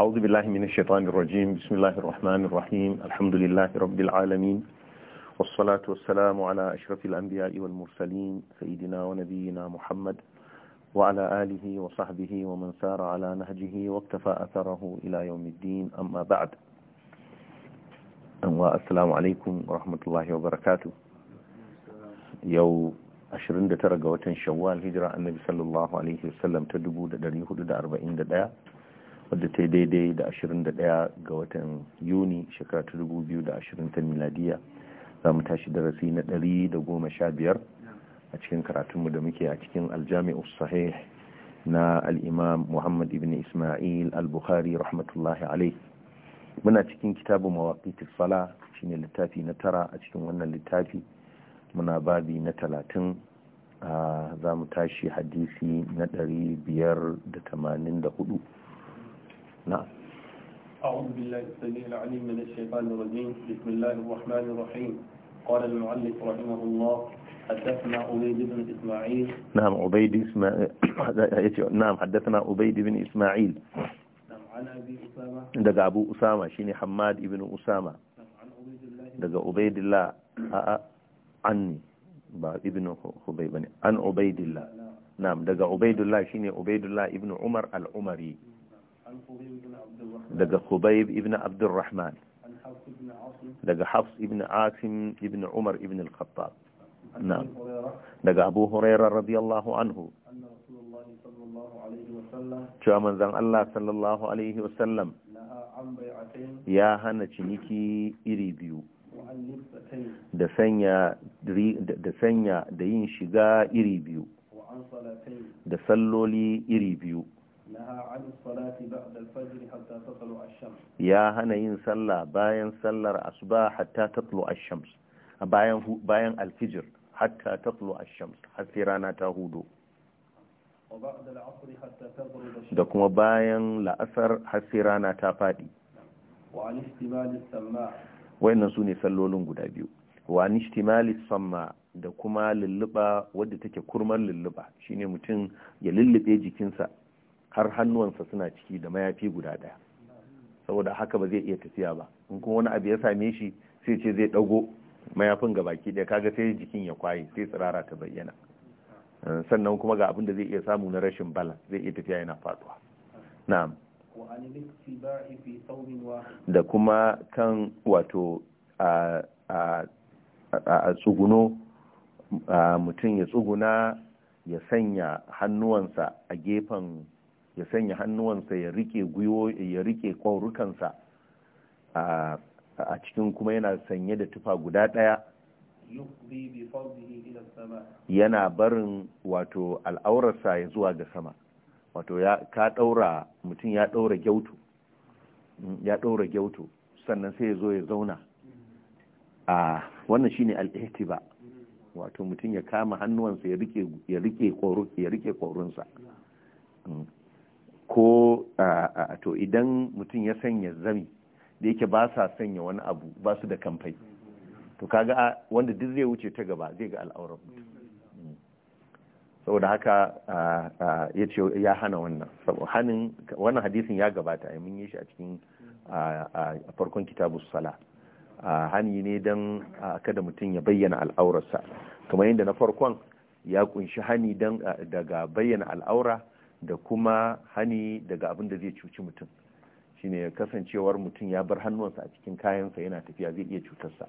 أعوذ بالله من الشيطان الرجيم بسم الله الرحمن الرحيم الحمد لله رب العالمين والصلاة والسلام على أشرف الأنبياء والمرسلين سيدنا ونبينا محمد وعلى آله وصحبه ومن سار على نهجه واكتفى أثره إلى يوم الدين أما بعد السلام عليكم ورحمة الله وبركاته يوم هجرة النبي صلى الله عليه وسلم تدبود دليه دار ta دار wadda ta daidai da 21 ga watan yuni shekara ta 2020 ta miladiya za mu tashi darasi na 115 a cikin karatunmu da muke a cikin aljami'u sahih na al'imam muhammad ibn ismail al-bukhari rahmatullahi alai muna cikin kitabu mawaƙi mawaƙitin fala ne littafi na tara a cikin wannan littafi muna babi na talatin ah, za mu tashi hadisi na 584 نعم أعوذ بالله السميع العليم من الشيطان الرجيم بسم الله الرحمن الرحيم قال المعلق رحمه الله حدثنا عبيد بن إسماعيل نعم عبيد اسماعيل نعم حدثنا عبيد بن إسماعيل نعم عن أبي أسامة دقى أبو أسامة شيني حماد بن أسامة نعم، عن عبيد الله دقى عبيد الله عني ابن خبيب عن عبيد الله نعم, نعم، دقى عبيد الله شيني عبيد الله ابن عمر العمري daga Khubayb ibn Abdurrahman daga Hafs ibn Asim ibn Umar ibn al-Khattab na'am daga Abu Hurairah radiyallahu anhu cewa manzan Allah sallallahu alaihi wasallam ya hana ciniki iri biyu da sanya da sanya da yin shiga iri biyu da salloli iri biyu ya hana yin sallah bayan sallar asuba hatta tatlu ash-shams bayan bayan al ta hatta tatlu ash-shams har sai rana ta hudo da kuma bayan la'asar har sai rana ta fadi wayannan su ne sallolin guda biyu wa nishtimali samma da kuma lulluba wadda take kurmar lulluba shine mutum ya lullube jikinsa har hannuwansa suna ciki da mayafi guda daya saboda haka ba zai iya tafiya ba in kuma wani abu ya same shi sai ce zai ɗago mayafin ga baki daya kaga sai jikin ya kwaye sai tsirara ta bayyana eh, sannan kuma ga abin da zai iya samu na rashin bala zai iya tafiya yana faduwa na'am da kuma kan wato a tsuguno mutum ya tsuguna ya sanya hannuwansa a gefen ya sanya hannuwansa ya rike gwiwo ya rike kwarukansa a cikin kuma yana sanye da tufa guda ɗaya yana barin wato al'aurarsa ya zuwa ga sama wato ya ka ɗaura mutum ya ɗaura gyautu ya ɗaura gyautu sannan sai ya zo ya zauna a wannan shine al'ihtiba wato mutum ya kama hannuwansa ya rike ya rike ya rike ko to idan mutum ya sanya zami da yake ba sa sanya wani abu ba su da kamfai to kaga wanda duk zai wuce ta gaba zai ga al'aurar mutum mm. saboda haka ya ce ya hana wannan wannan hadisin ya gabata a mun yi shi a cikin a farkon kitabu sala hani ne don kada mutum ya bayyana al'aurarsa kamar yadda na farkon ya kunshi hani daga bayyana al'aura da kuma hani daga abin da zai cuci mutum shine kasancewar mutum ya bar hannunsa a cikin kayansa yana tafiya zai iya cutarsa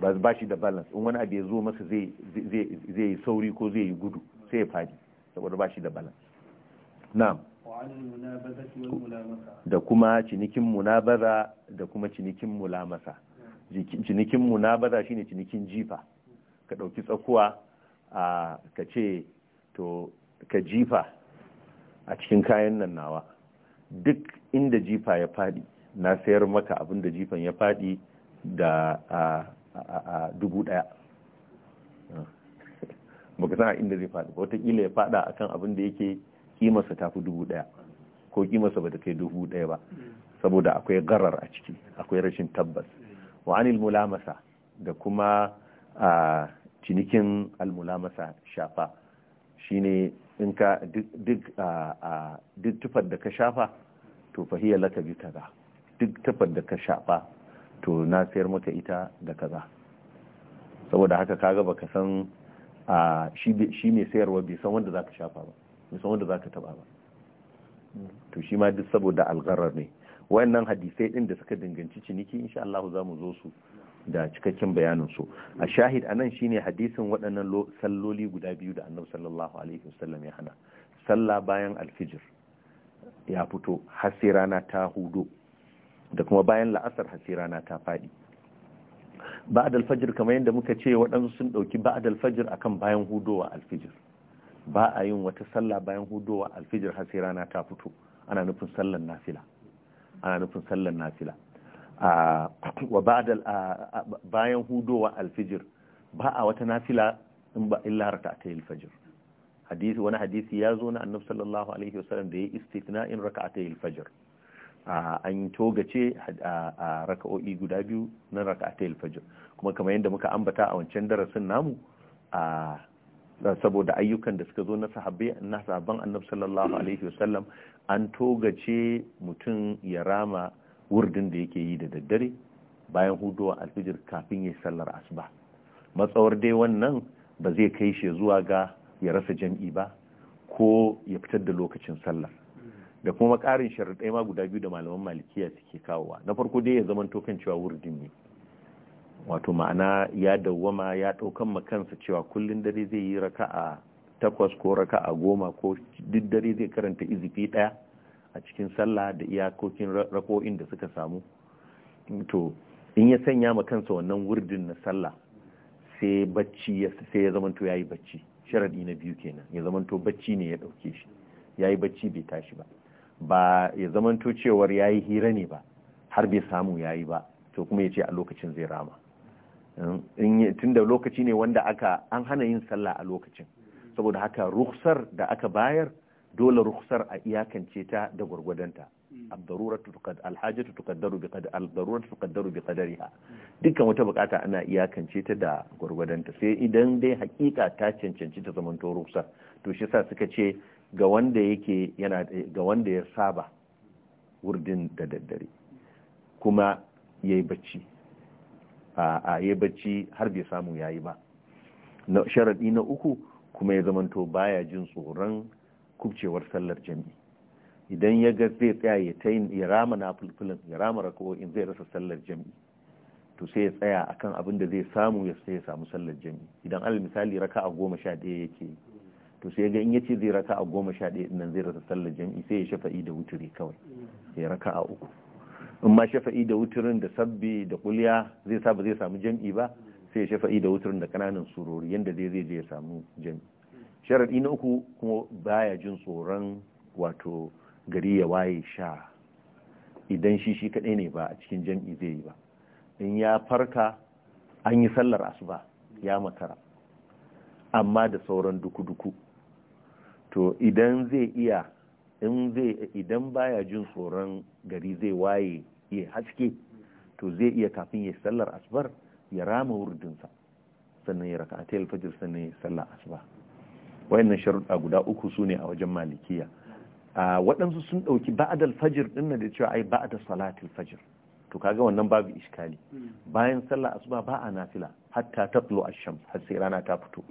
ba ba shi da balance in wani abu ya zo masa zai yi sauri ko zai yi gudu sai ya fadi saboda ba shi da balance na'am da kuma cinikin munabaza da kuma cinikin mulamasa cinikin munabaza shine cinikin jifa ka ɗauki tsakuwa a ka ce to ka jifa a cikin kayan nan nawa duk inda jifa ya fadi na sayar maka abin da jifan ya fadi da a dubu daya baka sana inda zai fadi wataƙila ya fada a kan abin da yake kimarsa ta fi dubu daya ko kimarsa ba ta kai dubu ɗaya ba saboda akwai garar a ciki akwai rashin tabbas wa mulamasa da kuma a cinikin almulamasa shafa shine in ka duk tufar da ka shafa to fahiyar laka bi kaza duk tufar da ka shafa to na sayar maka ita da kaza saboda haka ka kaga ka san shi mai sayarwa bai san wanda ka shafa ba bai san wanda ka taba ba to shi ma duk saboda algarar ne wayannan hadisai din da suka danganci ciniki insha Allah za mu zo su da cikakken bayanin su a shahid anan shine hadisin waɗannan salloli guda biyu da annabi sallallahu alaihi wasallam ya hana sallah bayan alfijir ya fito hasirana ta hudo da kuma bayan la'asar hasirana ta fadi ba'ad alfajir kamar yadda muka ce waɗansu sun ɗauki ba'ad alfajir akan bayan hudowa alfijir ba a yin wata sallah bayan hudowa alfijir har ta fito ana nufin sallan nafila ana nufin sallar nafila wa bayan hudowa alfijir ba a wata nafila in ba illa raka'atayil alfajr hadisi wani hadisi ya zo na annabi sallallahu alaihi wasallam da ya in raka'atayil alfajr an togace a raka'o'i guda biyu na raka'atayil alfajr kuma kamar yadda muka ambata a wancan darasin namu a saboda ayyukan da suka zo na sahabbai na sahabban annabi sallallahu alaihi wasallam an togace mutum ya rama wurdin da yake yi da daddare bayan hudowa alfijir kafin ya sallar asuba matsawar dai wannan ba zai kai shi zuwa ga ya rasa jam'i ba ko ya fitar da lokacin sallar da kuma ƙarin sharaɗai ma guda biyu da malaman malikiya suke kawowa na farko dai ya zama tokan cewa wurdin ne wato ma'ana ya dawwama ya ɗaukan makansa cewa kullum dare zai yi raka a takwas ko raka a goma ko duk dare zai karanta izifi ɗaya a cikin sallah da iyakokin rako'in da suka samu to in ya sanya ma kansa wannan wurdin na sallah sai bacci sai ya to yayi bacci sharadi na biyu kenan ya to bacci ne ya dauke shi yayi bacci bai tashi ba ba ya zamanto cewar yayi hira ne ba har bai samu yayi ba to kuma ya ce a lokacin zai rama tunda lokaci ne wanda aka an hana yin sallah a lokacin saboda haka ruksar da aka bayar dole rukhsar a iyakance ta da gwargwadonta hmm. ad tuqaddaru bi qadar al-daruratu tuqaddaru bi qadariha dukkan wata bukata ana iyakance ta da gwargwadonta sai idan dai hakika ta cancanci ta zaman to rukhsar to shi sa suka ce ga wanda yake yana ga wanda ya saba wurdin da daddare kuma yayi bacci a yayi bacci har bai samu yayi ba na sharadi na uku kuma ya zamanto baya jin tsoron kubcewar sallar jami'i idan ya ga zai tsaya ya ta yin ya rama na fulfulin ya rama in zai rasa sallar jami'i to sai ya tsaya akan abin da zai samu ya sai ya samu sallar jami'i idan alal misali raka a goma sha ɗaya yake yi to sai ga in ya ce zai raka a goma sha ɗaya nan zai rasa sallar jami'i sai ya shafa'i da wuturi kawai ya raka a uku in ma shafa'i da wuturin da sabbi da kulya zai sa ba zai samu jami'i ba sai ya shafa'i da wuturin da kananan surori yanda zai zai je ya samu jami'i sharaɗi na uku kuma baya jin tsoron wato gari ya waye sha idan shi shi kaɗai ne ba a cikin jam'i zai yi ba in ya farka an yi sallar asuba ya makara amma da sauran duku-duku to idan zai iya in zai idan baya jin tsoron gari zai waye ya haske to zai iya kafin ya sallar asubar ya rama wurdinsa sannan ya raka a fajir sannan ya sallar asuba wayannan sharuɗa guda uku su ne a wajen malikiya waɗansu sun ɗauki ba'adal fajir ɗin da cewa ai ba'ada salatil fajir to kaga wannan babu iskali bayan sallah asuba ba a nafila hatta tatlu ash-shams har sai rana ta fito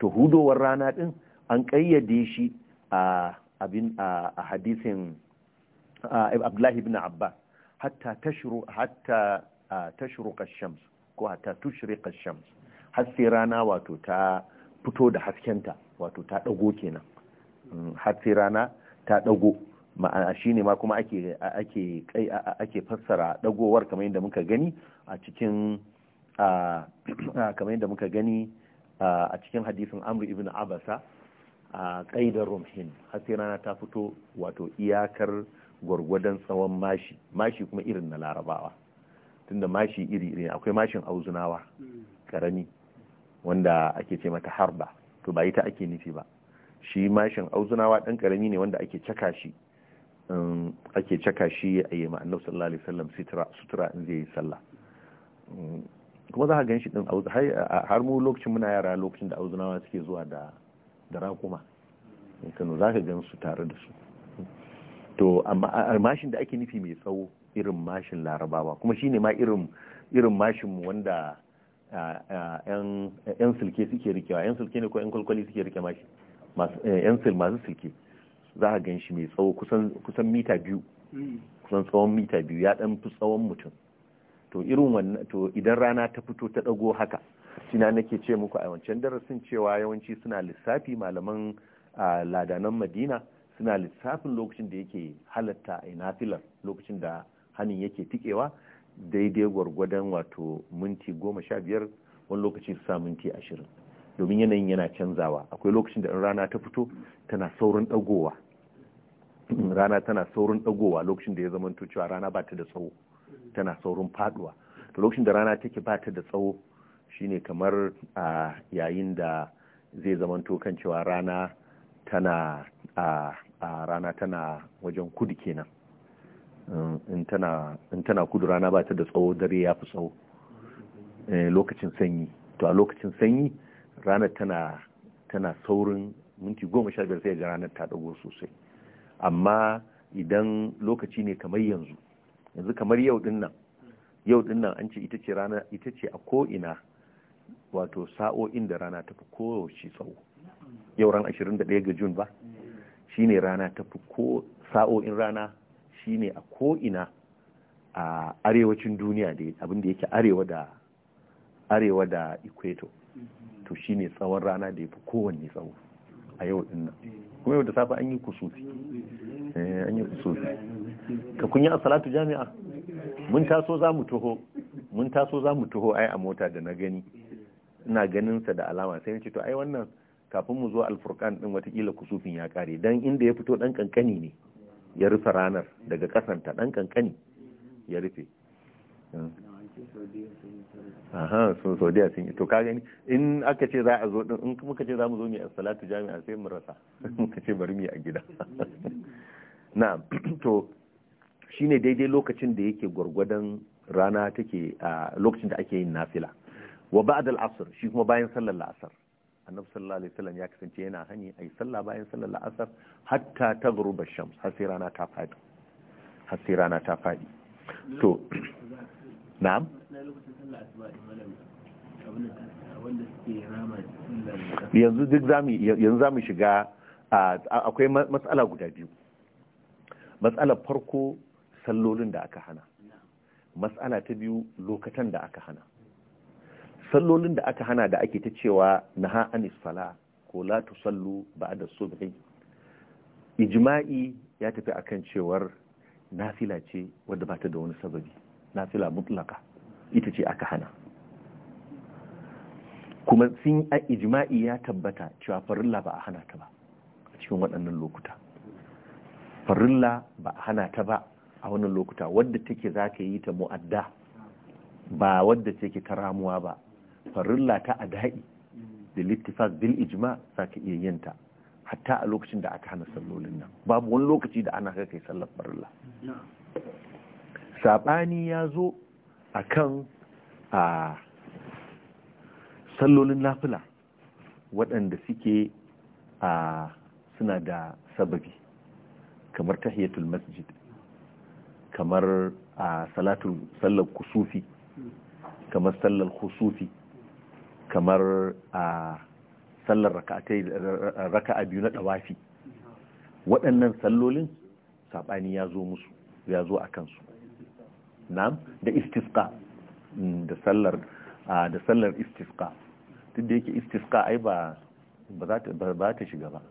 to hudowar rana ɗin, an kayyade shi a abin a hadisin Abdullahi ibn Abbas hatta tashru hatta tashruq ash-shams ko hatta tushriq ash-shams har sai rana wato ta fito da haskenta wato ta ɗago kenan mm, har rana ta ɗago, ma'ana shine ma kuma ake fassara ɗagowar kamar yadda muka gani a cikin kamar yadda muka gani a cikin hadisin amru ibn abasa a ƙaidar romhin har rana ta fito wato iyakar gwargwadon tsawon mashi mashi kuma irin na larabawa tunda mashi iri iri akwai mashin auzunawa karami mm. wanda ake ce mata harba to ba ita ake nufi ba shi mashin auzunawa dan karami ne wanda ake caka shi um, ake caka shi a yi ma'annau sallallahu alaihi wasallam sutura sutura in zai yi sallah um, kuma za ka gan shi din har mu lokacin muna yara lokacin da auzunawa suke zuwa da da raƙuma in kano za ka gan su tare da su to amma mashin da ake nufi mai tsawo irin mashin larabawa kuma shine ma irin irin mashin wanda 'yan silke suke rikewa 'yan silke ne ko 'yan kwalkwali suke rike mashi eh, yan sil masu silke za a gan shi mai tsawo kusan mita biyu hmm. kusan tsawon mita biyu ya dan fi tsawon mutum to irin wannan to idan rana ta fito ta dago haka shina nake ce muku a wancan darasin cewa yawanci suna lissafi malaman ladanan madina suna lissafin lokacin da yake halatta a nafilar lokacin da hannun yake tikewa daidai gwargwadon wato minti goma sha biyar wani lokaci su sa minti ashirin domin yanayin yana canzawa akwai lokacin da rana ta fito tana saurin ɗagowa rana tana saurin ɗagowa lokacin da ya zama cewa rana ba ta da tsawo tana saurin faduwa to lokacin da rana take ba ta da tsawo shine kamar a yayin da zai zama kan cewa rana tana rana tana wajen kudu kenan in tana kudu rana ba ta da tsawo dare ya fi tsawo eh, lokacin sanyi to a lokacin sanyi ranar tana saurin minti goma sha biyar sai ga ranar ta dago sosai amma idan lokaci ne kamar yanzu yanzu kamar yau din nan yau din nan an ce ita ce rana ita ce a ko'ina wato sa'o'in da rana ta fi koyaushe tsawo yau ran 21 ga jun ba shine rana ta fi ko sa'o'in rana shine a ko'ina a arewacin duniya da abinda yake arewa da arewa da equator to shine tsawon rana da ya fi kowanne tsawo a yau din nan kuma yau da safe an yi kusufi eh, an yi kusufi ka kun a salatu jami'a mun taso za mu taho mun taso za mu taho ai a mota da na gani ina ganinsa da alama sai ce to ai wannan kafin mu zo alfurkan din watakila kusufin ya kare dan inda ya fito dan kankani ne ya rufe ranar daga kasanta ɗan kankani ya rufe aha sun saudiya sun yi to in aka ce za a zo din in muka ce za mu zo mu salatu jami'a sai mu rasa muka ce bari mu a gida na to shine daidai lokacin da yake gwargwadon rana take a lokacin da ake yin nafila wa ba'da al shi kuma bayan sallar La'asar. annabi sallallahu alaihi wasallam ya kasance yana hani ayi sallah bayan sallar la'asar hatta taghruba shams har sai rana ta fadi har sai rana ta fadi to na'am yanzu duk zamu yanzu zamu shiga akwai matsala guda biyu matsalar farko sallolin da aka hana matsala ta biyu lokacin da aka hana sallolin da aka hana da ake ta cewa ha anis fala ko la da ba'da subhi ijma'i ya tafi akan cewar nafila ce wadda ba ta da wani sababi nafila mutlaka ita ce aka hana kuma sun ijma'i ya tabbata cewa farilla ba a hana ta ba a cikin waɗannan lokuta farilla ba a hana ta ba a wannan lokuta wadda take za ka yi ta mu'adda ba wadda take ta ramuwa ba farilla ta a daɗi. da Littafas bil ijma za ka iya yin ta hatta a lokacin da aka hana sallolin nan babu wani lokaci da ana kai sallar farilla saɓani ya zo a kan a sallolin nafila waɗanda suke a suna da sababi kamar tahiyatul masjid kamar a salatul sallar kusufi kamar sallar kusufi kamar a sallar a biyu na ɗawafi waɗannan sallolin saɓani ya zo musu ya zo a kansu na'am da istisqa mm, da sallar da sallar istisqa duk da yake istisqa ai ba ba ta shiga ba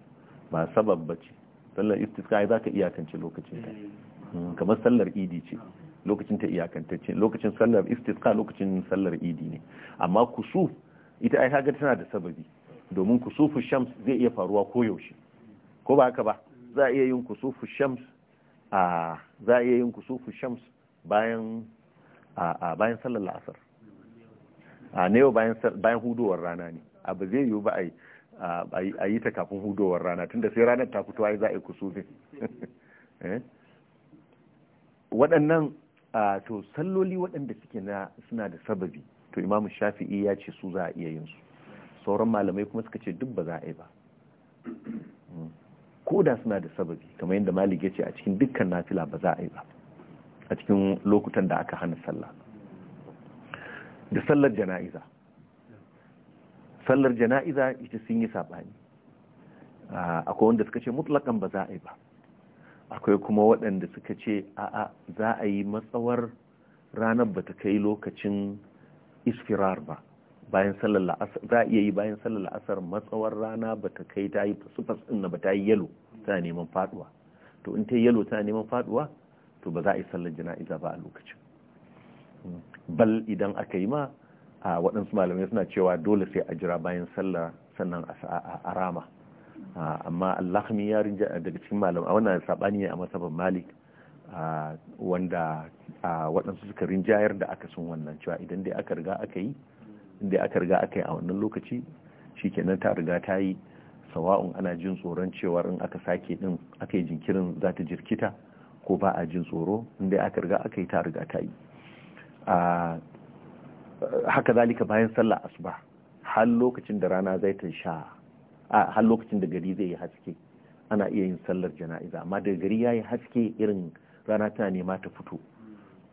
ba sabab ba ce sallar istisqa ai za ka iyakance lokacin ta mm, kamar sallar idi ce lokacin ta iyakantacce lokacin sallar istisqa lokacin sallar idi ne amma kusuf ita ai kaga tana da sababi domin kusufu shams zai iya faruwa koyaushe ko ba haka ba za iya yin kusufu shams a za iya yin kusufu shams bayan a bayan sallar la'asar a ne bayan bayan hudowar rana ne abu zai yiwu ba a yi ta kafin hudowar rana tunda sai ranar ta fito ai za a yi kusufin eh? waɗannan to salloli waɗanda suke na suna da sababi to imamu shafi'i ya ce su za a iya yin su sauran malamai kuma suka ce duk ba za a yi ba hmm. ko da suna da sababi kamar yadda malik ya ce a cikin dukkan nafila ba za a yi ba a cikin lokutan da aka hana sallah da sallar jana'iza sallar jana'iza ita sun yi saɓani akwai wanda suka ce mutlakan ba za a yi ba akwai kuma waɗanda suka ce a'a za a yi matsawar ranar ba ta kai lokacin isfirar ba bayan sallar za a iya yi bayan sallar la'asar matsawar rana ba ta kai ta yi sufas ɗin na ba ta yi yalo tana neman faduwa to in ta yi yalo tana neman faduwa to ba za a yi sallar jana'iza ba a lokacin bal idan aka yi ma a waɗansu malamai suna cewa dole sai a jira bayan sallar sannan a rama amma allahmi ya rinja daga cikin malamai a wannan saɓani ne a masabar malik wanda waɗansu suka rinjayar da aka sun wannan cewa idan dai aka riga aka yi inda aka riga aka yi a wannan lokaci shikenan ta riga ta yi sawa'un ana jin tsoron cewar in aka sake din aka yi jinkirin za ta jirkita ko ba a jin tsoro inda aka riga aka yi ta riga ta yi haka zalika bayan sallah asuba har lokacin da rana zai ta sha har lokacin da gari zai yi haske ana iya yin sallar jana'iza amma daga gari ya yi haske irin rana tana nema ta fito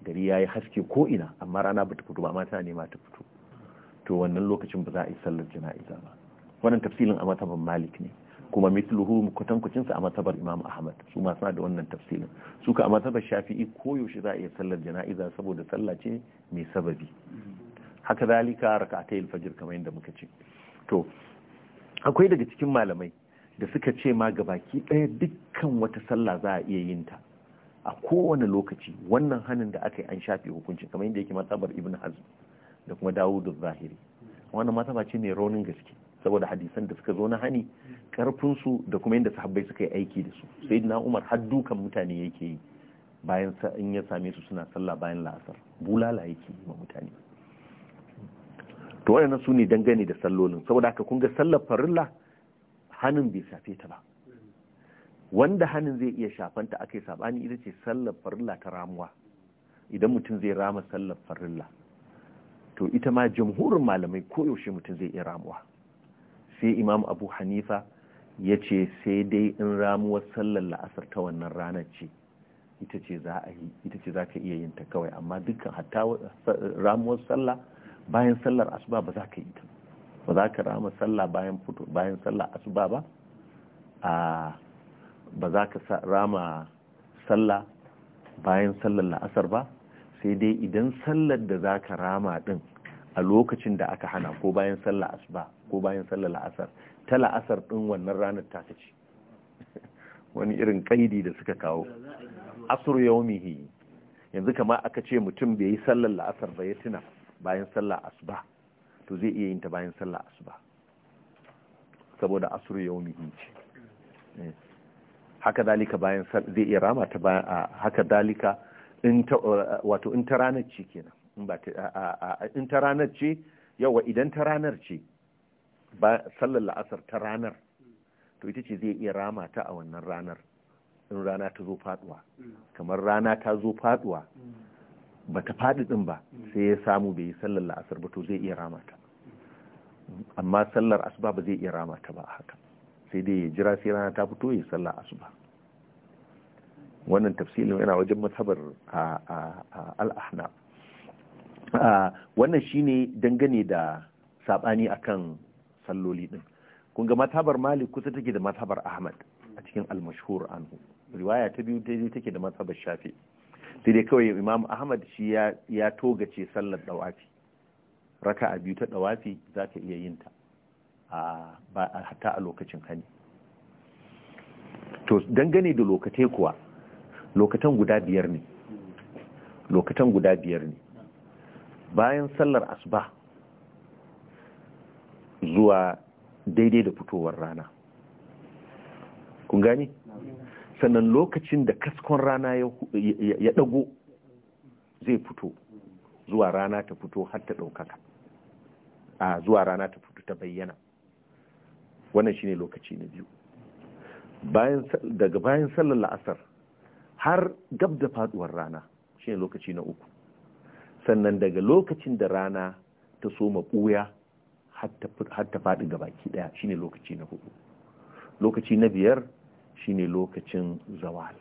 gari ya yi haske ko ina amma rana ba ta fito ba mata nema ta fito to wannan lokacin ba za a yi sallar jana'iza ba wannan tafsirin a matsabar malik ne kuma mithluhu kwatankwacin sa a matsabar imam ahmad su ma suna da wannan tafsilin su ka a matabar shafi'i koyaushe za a iya sallar jana'iza saboda sallah ce mai sababi haka zalika raka'atayil fajr kamar yadda muka ce to akwai daga cikin malamai da suka ce ma gabaki ɗaya dukkan wata sallah za a iya yin ta a kowane lokaci wannan hannun da aka yi an shafe hukuncin kamar yadda yake matsabar ibn hazm da kuma Dawudu da zahiri wannan mataba ce mai raunin gaske saboda hadisan da suka zo na hani karfinsu da kuma yadda sahabbai suka yi aiki da su sai na umar har dukan mutane yake yi bayan in ya same su suna sallah bayan la'asar bulala yake yi ma mutane to waɗannan su ne dangane da sallolin saboda haka kun ga sallar farilla hannun bai safe ta ba wanda hannun zai iya shafanta aka yi sabani ita ce sallar farilla ta ramuwa idan mutum zai rama sallar farilla to ita ma jamhurin malamai koyaushe mutum zai iya ramuwa sai imam abu hanifa ya ce sai dai in ramuwar sallar la'asar ta wannan ranar ce ita ce za ka iya yin ta kawai amma dukkan hatta ramuwar sallah bayan sallar asuba ba za ka yi ta ba za ka rama sallah bayan fito bayan sallar asuba ba a ah, ba za ka rama sallah bayan sallar la'asar ba sai dai idan sallar da za ka rama din a lokacin da aka hana ko bayan sallar asuba ko bayan sallar la'asar ta la'asar din wannan ranar ta ce wani irin kaidi da suka kawo asur yaumihi yanzu kama aka ce mutum bai yi sallar la'asar ba ya tuna bayan sallar asuba to zai iya yin ta bayan sallar asuba saboda asur yaumihi ce eh. haka dalika bayan zai iya rama ta bayan haka dalika uh, wato in ta ranar ce kenan in ta ranar ce yawa idan ta ranar ce ba sallar la'asar ta ranar to ita ce zai iya rama ta a wannan ranar in rana ta zo faduwa kamar rana ta zo faduwa ba ta fadi din ba sai ya samu bai yi sallar la'asar ba to zai iya rama ta amma sallar asuba ba zai iya rama ta ba haka sai dai ya jira sai rana ta fito ya sallah asuba wannan tafsilin yana wajen mazhabar al Wannan wannan shine dangane da saɓani akan salloli din kun ga mazhabar malik kusa take da mazhabar ahmad a cikin al-mashhur anhu riwaya ta biyu dai take da mazhabar shafi sai dai kawai imam ahmad shi ya togace sallar dawafi raka'a biyu ta dawafi zaka iya yin ta hatta a lokacin hani to dangane da lokacin kuwa lokatan guda biyar ne lokatan guda biyar ne bayan sallar asuba zuwa daidai da fitowar rana kun gani sannan lokacin da kaskon rana ya dago zai fito zuwa rana ta fito har ta daukaka a zuwa rana ta fito ta bayyana wannan shine lokaci na biyu daga bayan sallar la'asar har gab da faduwar rana shine lokaci na uku sannan daga lokacin da rana ta soma ɓuya har ta faɗi baki ɗaya shine lokaci na hudu lokaci na biyar shine lokacin zawal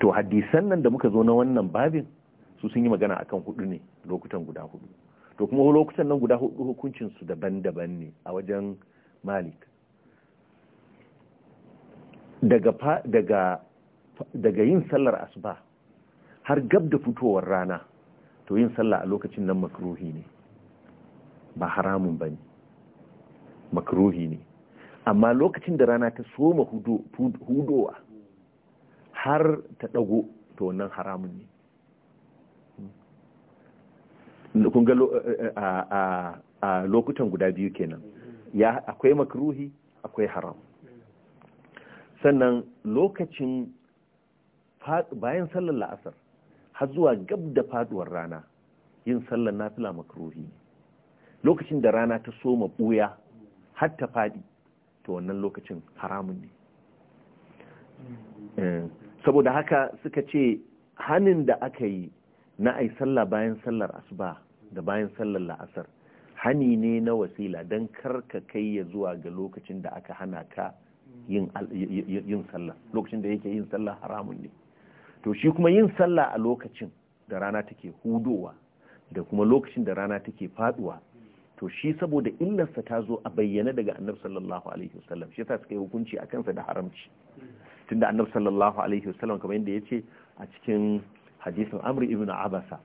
to hadisan nan da muka zo na wannan babin su sun yi magana akan hudu ne lokutan guda hudu to kuma lokutan nan guda hudu hukuncin su daban-daban ne a wajen malik daga daga daga yin sallar asuba har gab da fitowar rana to yin sallah a lokacin nan makruhi ne ba haramun bane makruhi ne amma lokacin da rana ta soma hudowa har ta dago to wannan haramun ne kun ga eh, eh, eh, a lokutan guda biyu kenan ya akwai makruhi akwai haram sannan lokacin bayan sallar la'asar har zuwa gab da faduwar rana yin sallar na nafila makruhi lokacin da rana ta soma buya har ta fadi to wannan lokacin haramun ne saboda haka suka ce hannun da aka yi na ai sallah bayan sallar asuba da bayan sallar la'asar hani ne na wasila don karka kai ya zuwa ga lokacin da aka hana ka yin sallah lokacin da yake yin sallah haramun ne to shi kuma yin sallah a lokacin da rana take hudowa da kuma lokacin da rana take faduwa to shi saboda illarsa ta zo a bayyana daga annabi sallallahu alaihi wasallam shi yasa suka yi hukunci a kansa da haramci tunda annabi sallallahu alaihi wasallam kamar yadda yace a cikin hadisin amr ibn abasa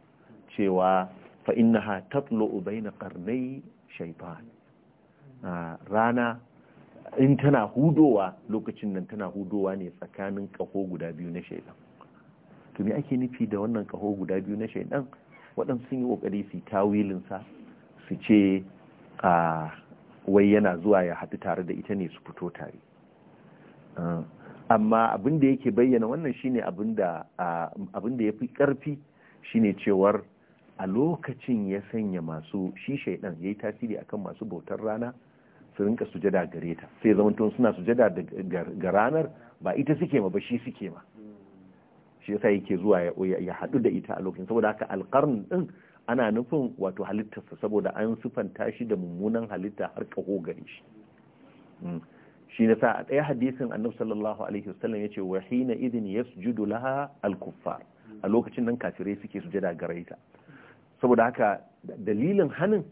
cewa fa innaha ubai na qarnai shaifan. Ah, rana in tana hudowa lokacin nan tana hudowa ne tsakanin kaho guda biyu na shaidan to me ake nufi da wannan kaho guda biyu na shaidan waɗansu sun yi ƙoƙari su yi tawilinsa su ce ah, wai yana zuwa ya haɗu tare da ita ne su fito tare ah, amma abin da yake bayyana wannan shine abin da ya fi ƙarfi shine cewar a lokacin ya sanya masu shi shaidan ya yi tasiri akan masu bautar rana su rinka sujada gare ta sai tun suna sujada ga ranar ba ita suke ma ba shi suke ma shi yasa yake zuwa ya haɗu da ita a lokacin saboda haka alƙarn ɗin ana nufin wato halittarsa saboda an sufanta shi da mummunan halitta har ƙaho gare shi hmm. shi na sa a ɗaya hadisin annabi sallallahu alaihi wasallam ce wa hina idin yasjudu laha al-kuffar a lokacin nan kafirai suke sujada gare ta saboda haka dalilin hannun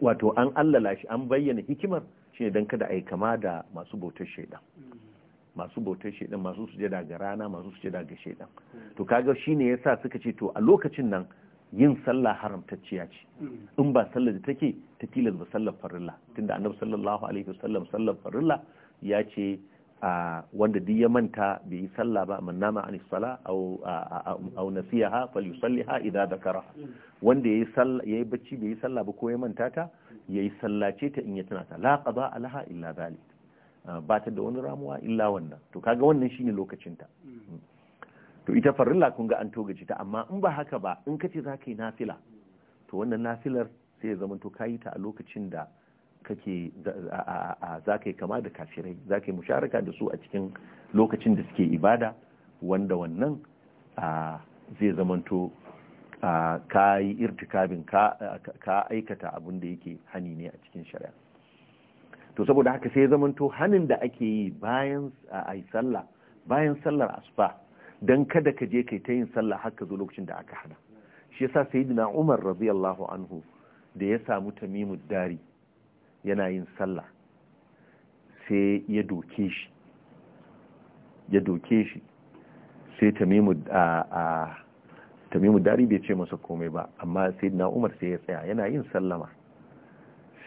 wato an allala shi an bayyana hikimar shi ne don kada a yi kama da masu bautar shaidan masu bautar shaidan masu sujada ga rana masu sujada ga shaidan to kaga shi ya sa suka ce to a lokacin nan yin sallah haramtacciya ce in ba sallar da take ta tilas ba sallar farilla tunda annabi sallallahu alaihi wasallam sallar farilla ya ce wanda duk ya manta bai yi sallah ba man nama an sala au nasiyaha falyusalliha idza wanda yayi yi bacci bai yi sallah ba ko ya manta ta yayi sallace ta in ya tana ta la qada alaha illa zalik ba ta da wani ramuwa illa wannan to kaga wannan shine lokacin ta mm. to ita farilla kun ga an togace ta amma in ba haka ba in kace zaka yi nafila to wannan nafilar sai ya zama to kayi ta a lokacin da kake za ka yi kama da kafirai za ka yi musharaka da su a cikin lokacin da suke ibada wanda wannan zai zamanto ka yi irtikabin ka aikata abin da yake hani ne a cikin shari'a to saboda haka sai zamanto hanin da ake yi bayan a yi sallah bayan sallar asuba don kada ka je kai ta yin sallah har ka zo lokacin da aka hana shi yasa sayyidina Umar radiyallahu anhu da ya samu Tamimu Dari yana yin sallah sai ya doke shi ya doke shi sai tamimu dari bai ce masa komai ba amma sai na umar sai ya tsaya yana yin sallama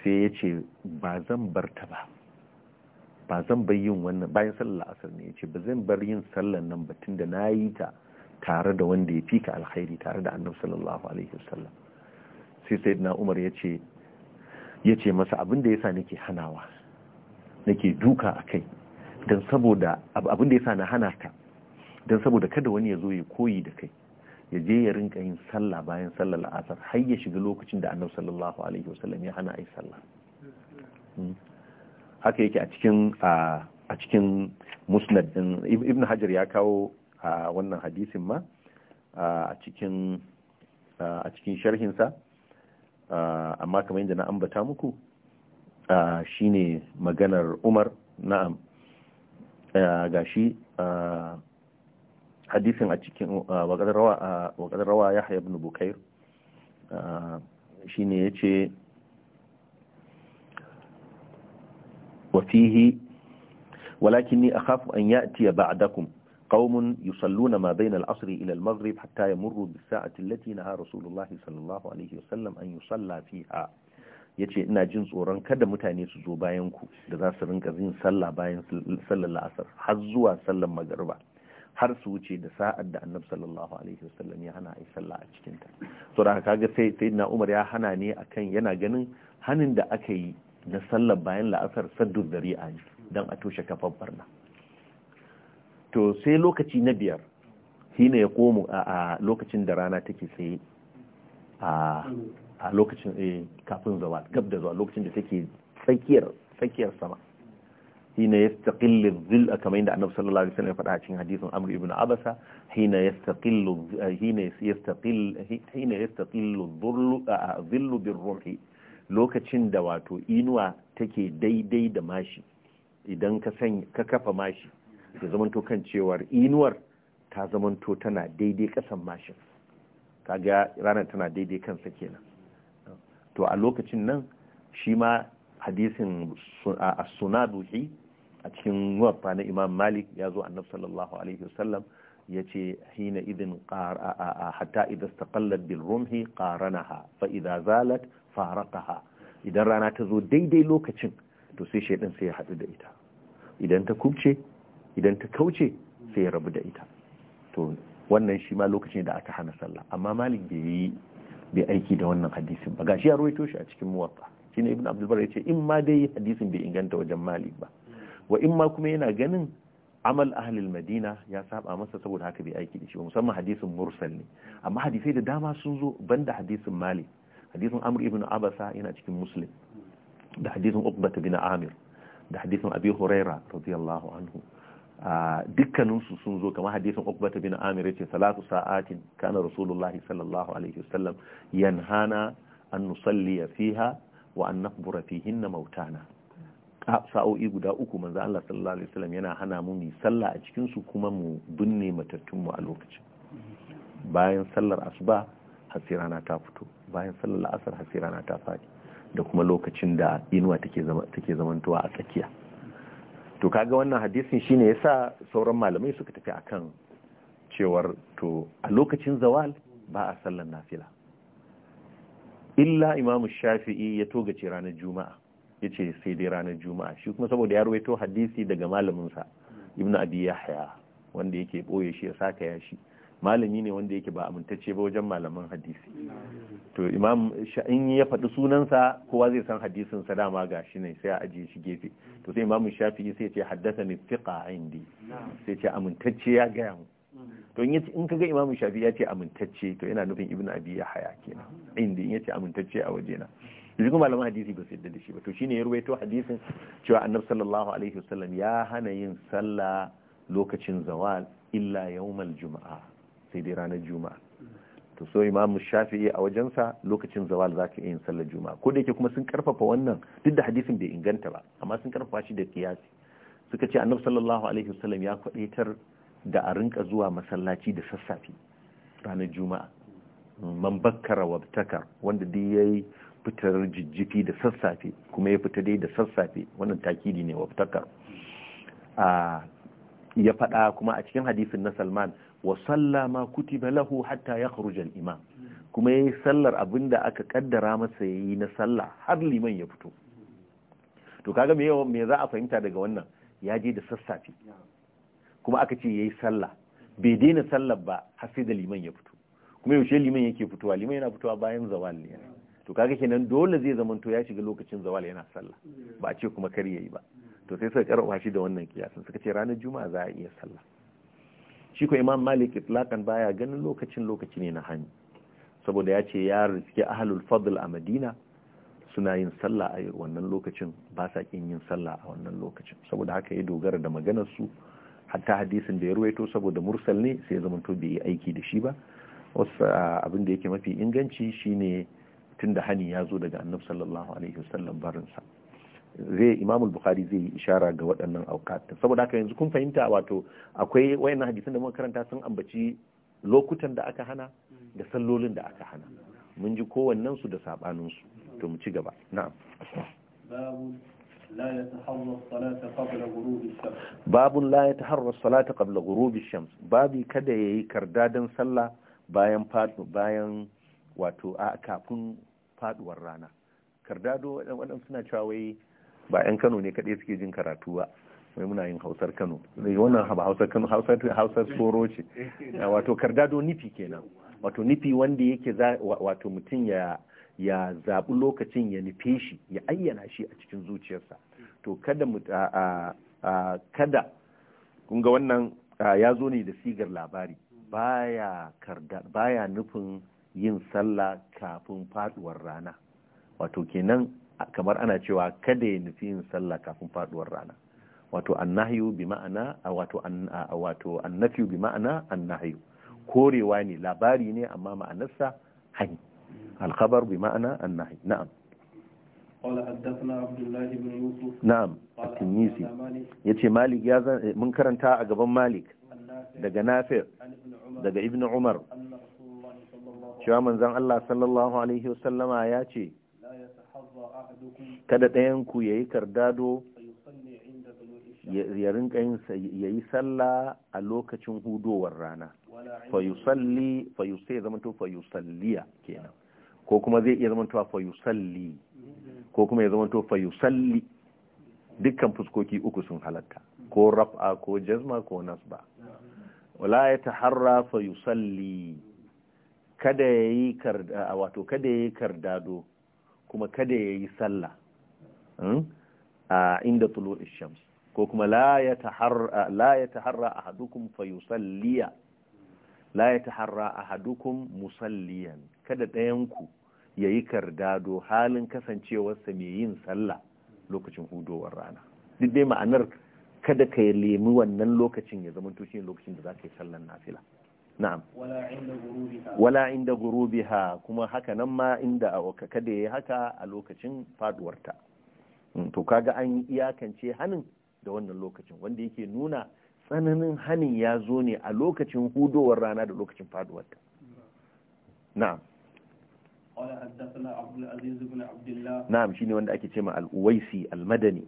sai ya ce ba zan bar ta ba ba zan bar yin wannan bayan sallar asar ne ya ce ba zan bar yin sallar nan ba tun da na yi ta tare da wanda ya fika alkhairi tare da annabi sallallahu alaihi wasallam sai sai na umar ya ce ya ce masa abin da ya sa nake hanawa nake duka a kai don saboda abin da ya sa na hana ka don saboda kada wani ya zo ya koyi da kai ya je ya rinka yin sallah bayan sallar la'asar har ya shiga lokacin da annabi sallallahu alaihi wasallam ya hana a yi sallah hmm. haka yake a cikin a cikin musnad din ibn hajar ya kawo wannan hadisin ma a cikin a cikin sharhinsa Ah, amma kamar yadda na ambata muku ah, shine maganar umar na'am ah, gashi hadisin a cikin waƙadar rawa ya haya bukair shi ne ya ce wafihi walakin ni a hafu an ya tiya dakun. قوم يصلون ما بين العصر إلى المغرب حتى يمروا بالساعة التي نهى رسول الله صلى الله عليه وسلم أن يصلى فيها yace ina jin tsoron kada mutane su zo bayan ku da za su rinka yin sallah bayan sallar la'asar har zuwa sallar magariba har su wuce da sa'ar da annabi sallallahu alaihi wasallam ya hana yi sallah a cikin ta to da kaga sai sayyidina Umar ya hana ne akan yana ganin hanin da aka yi na sallar bayan la'asar saddu dari'a ne dan a toshe kafar barna to sai lokaci na biyar hina ya komo a lokacin da rana take sai, a lokacin eh, kafin zawa gab da zuwa, lokacin da take tsakiyar tsakiyar sama hina yastaqillu dhilla kamar yadda annabi sallallahu alaihi wasallam ya faɗa a cikin hadisin amr ibn abasa hina yastaqillu hina yastaqill hina yastaqillu dhillu dhillu lokacin da wato inuwa take daidai da mashi idan ka ka kafa mashi ya zamanto kan cewar inuwar ta zamanto tana daidai kasan mashin kaga ranar tana daidai kansa kenan to a lokacin nan shi ma hadisin a suna duhi a cikin wafa na imam malik ya zo annab sallallahu alaihi wasallam ya ce hina idin hata idan staƙallar bil rumhi ƙaranaha fa idan zalat ha. idan rana ta zo daidai lokacin to sai shaidan sai ya haɗu da ita idan ta kubce idan ta kauce sai ya rabu da ita to wannan shi ma lokacin da aka hana sallah amma malik bai yi bai aiki da wannan hadisin ba gashi ya ruwaito shi a cikin muwatta shine ibn Abdulbar ya ce in ma dai hadisin bai inganta wajen malik ba wa in ma kuma yana ganin amal ahlil madina ya saba masa saboda haka bai aiki da shi musamman hadisin mursal ne amma hadisai da dama sun zo banda hadisin malik hadisin amr ibn abasa yana cikin muslim da hadisin uqbah bin amir da hadisin abi huraira radiyallahu anhu dukkaninsu sun zo kamar hadisin ukbata bin amir yace salatu sa'atin kana rasulullahi sallallahu alaihi wasallam yanhana an nusalli fiha wa an naqbura fihin mautana sa'o'i guda uku manzo Allah sallallahu alaihi wasallam yana hana mu mu sallah a cikin su kuma mu binne matattun mu a lokacin bayan sallar asuba hasirana ta fito bayan sallar asar hasirana ta fadi da kuma lokacin da inuwa take zama take zamantowa a tsakiya to kaga wannan hadisin shine sa sauran malamai suka tafi akan cewar to a lokacin zawal ba a sallan nafila illa imamu shafi'i ya togace ranar juma'a ya ce sai dai ranar juma'a shi kuma saboda ya ruwaito hadisi daga malaminsa ibn abi yahya wanda yake ɓoye shi ya saka ya shi malami ne wanda yake ba amintacce ba wajen malaman hadisi to imam in ya faɗi sunansa kowa zai san hadisin sa dama ga shi ne sai a ajiye shi gefe to sai imam shafi sai ce haddasa ni fiqa indi sai ce amintacce ya gaya mu to in yace in kaga imam Shafi ya ce amintacce to yana nufin ibnu abi haya kenan indi in yace amintacce a wajena yanzu kuma malaman hadisi ba su yadda da shi ba to shine ya ruwaito hadisin cewa annabi sallallahu alaihi wasallam ya hana yin sallah lokacin zawal illa yawmal juma'a sai dai ranar juma'a to so imam shafi'i a wajensa lokacin zawal za ka yin sallar juma'a ko da yake kuma sun karfafa wannan duk da hadisin bai inganta ba amma sun karfafa shi da kiyasi suka ce annabi sallallahu alaihi wasallam ya kwadaitar da a rinka zuwa masallaci da sassafe ranar juma'a man bakkara wabtakar wanda duk yayi fitar jijjifi da sassafe kuma ya fita dai da sassafe wannan takidi ne wabtakar a ya faɗa kuma a cikin hadisin na Salman wa salla ma kutiba lahu hatta ya al-imam kuma yayi sallar abinda aka kaddara masa yayi na salla har liman ya fito to kaga me me za a fahimta daga wannan ya je da sassafe kuma aka ce yayi sallah bai daina sallar ba har sai da liman ya fito kuma yaushe liman yake fitowa liman yana fitowa bayan zawal ne to kaga kenan dole zai zamanto ya shiga lokacin zawal yana sallah ba a ce kuma kar yayi ba to sai suka karɓa shi da wannan kiyasin suka ce ranar juma'a za a iya sallah shi ko imam malik itlaqan baya ganin lokacin lokaci ne na hani saboda ya ce ya riske ahlul fadl a madina suna yin sallah a wannan lokacin ba sa kin yin sallah a wannan lokacin saboda haka ya dogara da maganar su hatta hadisin da ya ruwaito saboda mursal ne sai ya zama to bai yi aiki da shi ba wasu abin da yake mafi inganci shine tunda hani ya zo daga annabi sallallahu alaihi wasallam barinsa zai imamul bukhari zai yi ishara ga waɗannan aukat saboda haka yanzu kun fahimta wato akwai wayannan hadisan da muka karanta sun ambaci lokutan da aka hana da sallolin da aka hana mun ji kowannen da sabanin su to mu ci gaba na'am babun la ta as-salata qabla ghurubi shams babi kada yayi kardadan sallah bayan fadu bayan wato a kafin faduwar rana kardado waɗansu suna cewa wai ba 'yan kano ne kaɗai suke jin karatu ba mai muna yin hausar kano wannan hausar kano hausar soro ce wato kardado nufi kenan wato nufi wanda yake wato mutum ya ya zaɓi lokacin ya nufe shi ya ayyana shi a cikin zuciyarsa to kada kada kun ga wannan ya zo ne da sigar labari baya karda nufin yin sallah kafin faduwar rana wato kenan kamar ana cewa kada ya nufi yin sallah kafin faduwar rana wato annahyu bi ma'ana wato wato annafyu bi ma'ana annahyu korewa ne labari ne amma ma'anarsa hani alkhabar bi ma'ana annahyu na'am قال abdullah ibn yusuf na'am at-tinisi yace malik ya zan eh, mun karanta a gaban Malik daga Nafi daga Ibn Umar cewa manzon Allah sallallahu alaihi wasallama ya ce kada ɗayan ku yayi kardado ya rinka yin yayi sallah a lokacin hudowar rana fa yusalli fa yusai zaman to fa yusalliya kenan ko kuma zai iya zaman to fa yusalli ko kuma ya zaman to fa dukkan fuskoki uku sun halatta ko raf'a ko jazma ko nasba wala ya taharra fa yusalli kada yayi wato kada yayi kardado kuma kada ya yi sallah hmm, a inda tulu shams ko kuma la ya taharra a hadukun fayusalliya la ya taharra a hadukun musalliyan kada ɗayanku ya yi kardado halin kasancewarsa mai yin sallah lokacin hudowar rana duk dai ma'anar kada ka yi lemu wannan lokacin ya zama tushen lokacin da za ka yi sallan nafila. na'am wala inda gurubiha kuma haka nan ma inda kada ya haka a lokacin faduwarta mm, to kaga an iyakance hanin da wannan lokacin wanda yake nuna tsananin hanin ya zo ne a lokacin hudowar rana da lokacin faduwarta mm. na'am na'am shine wanda ake ce ma al-uwaisi al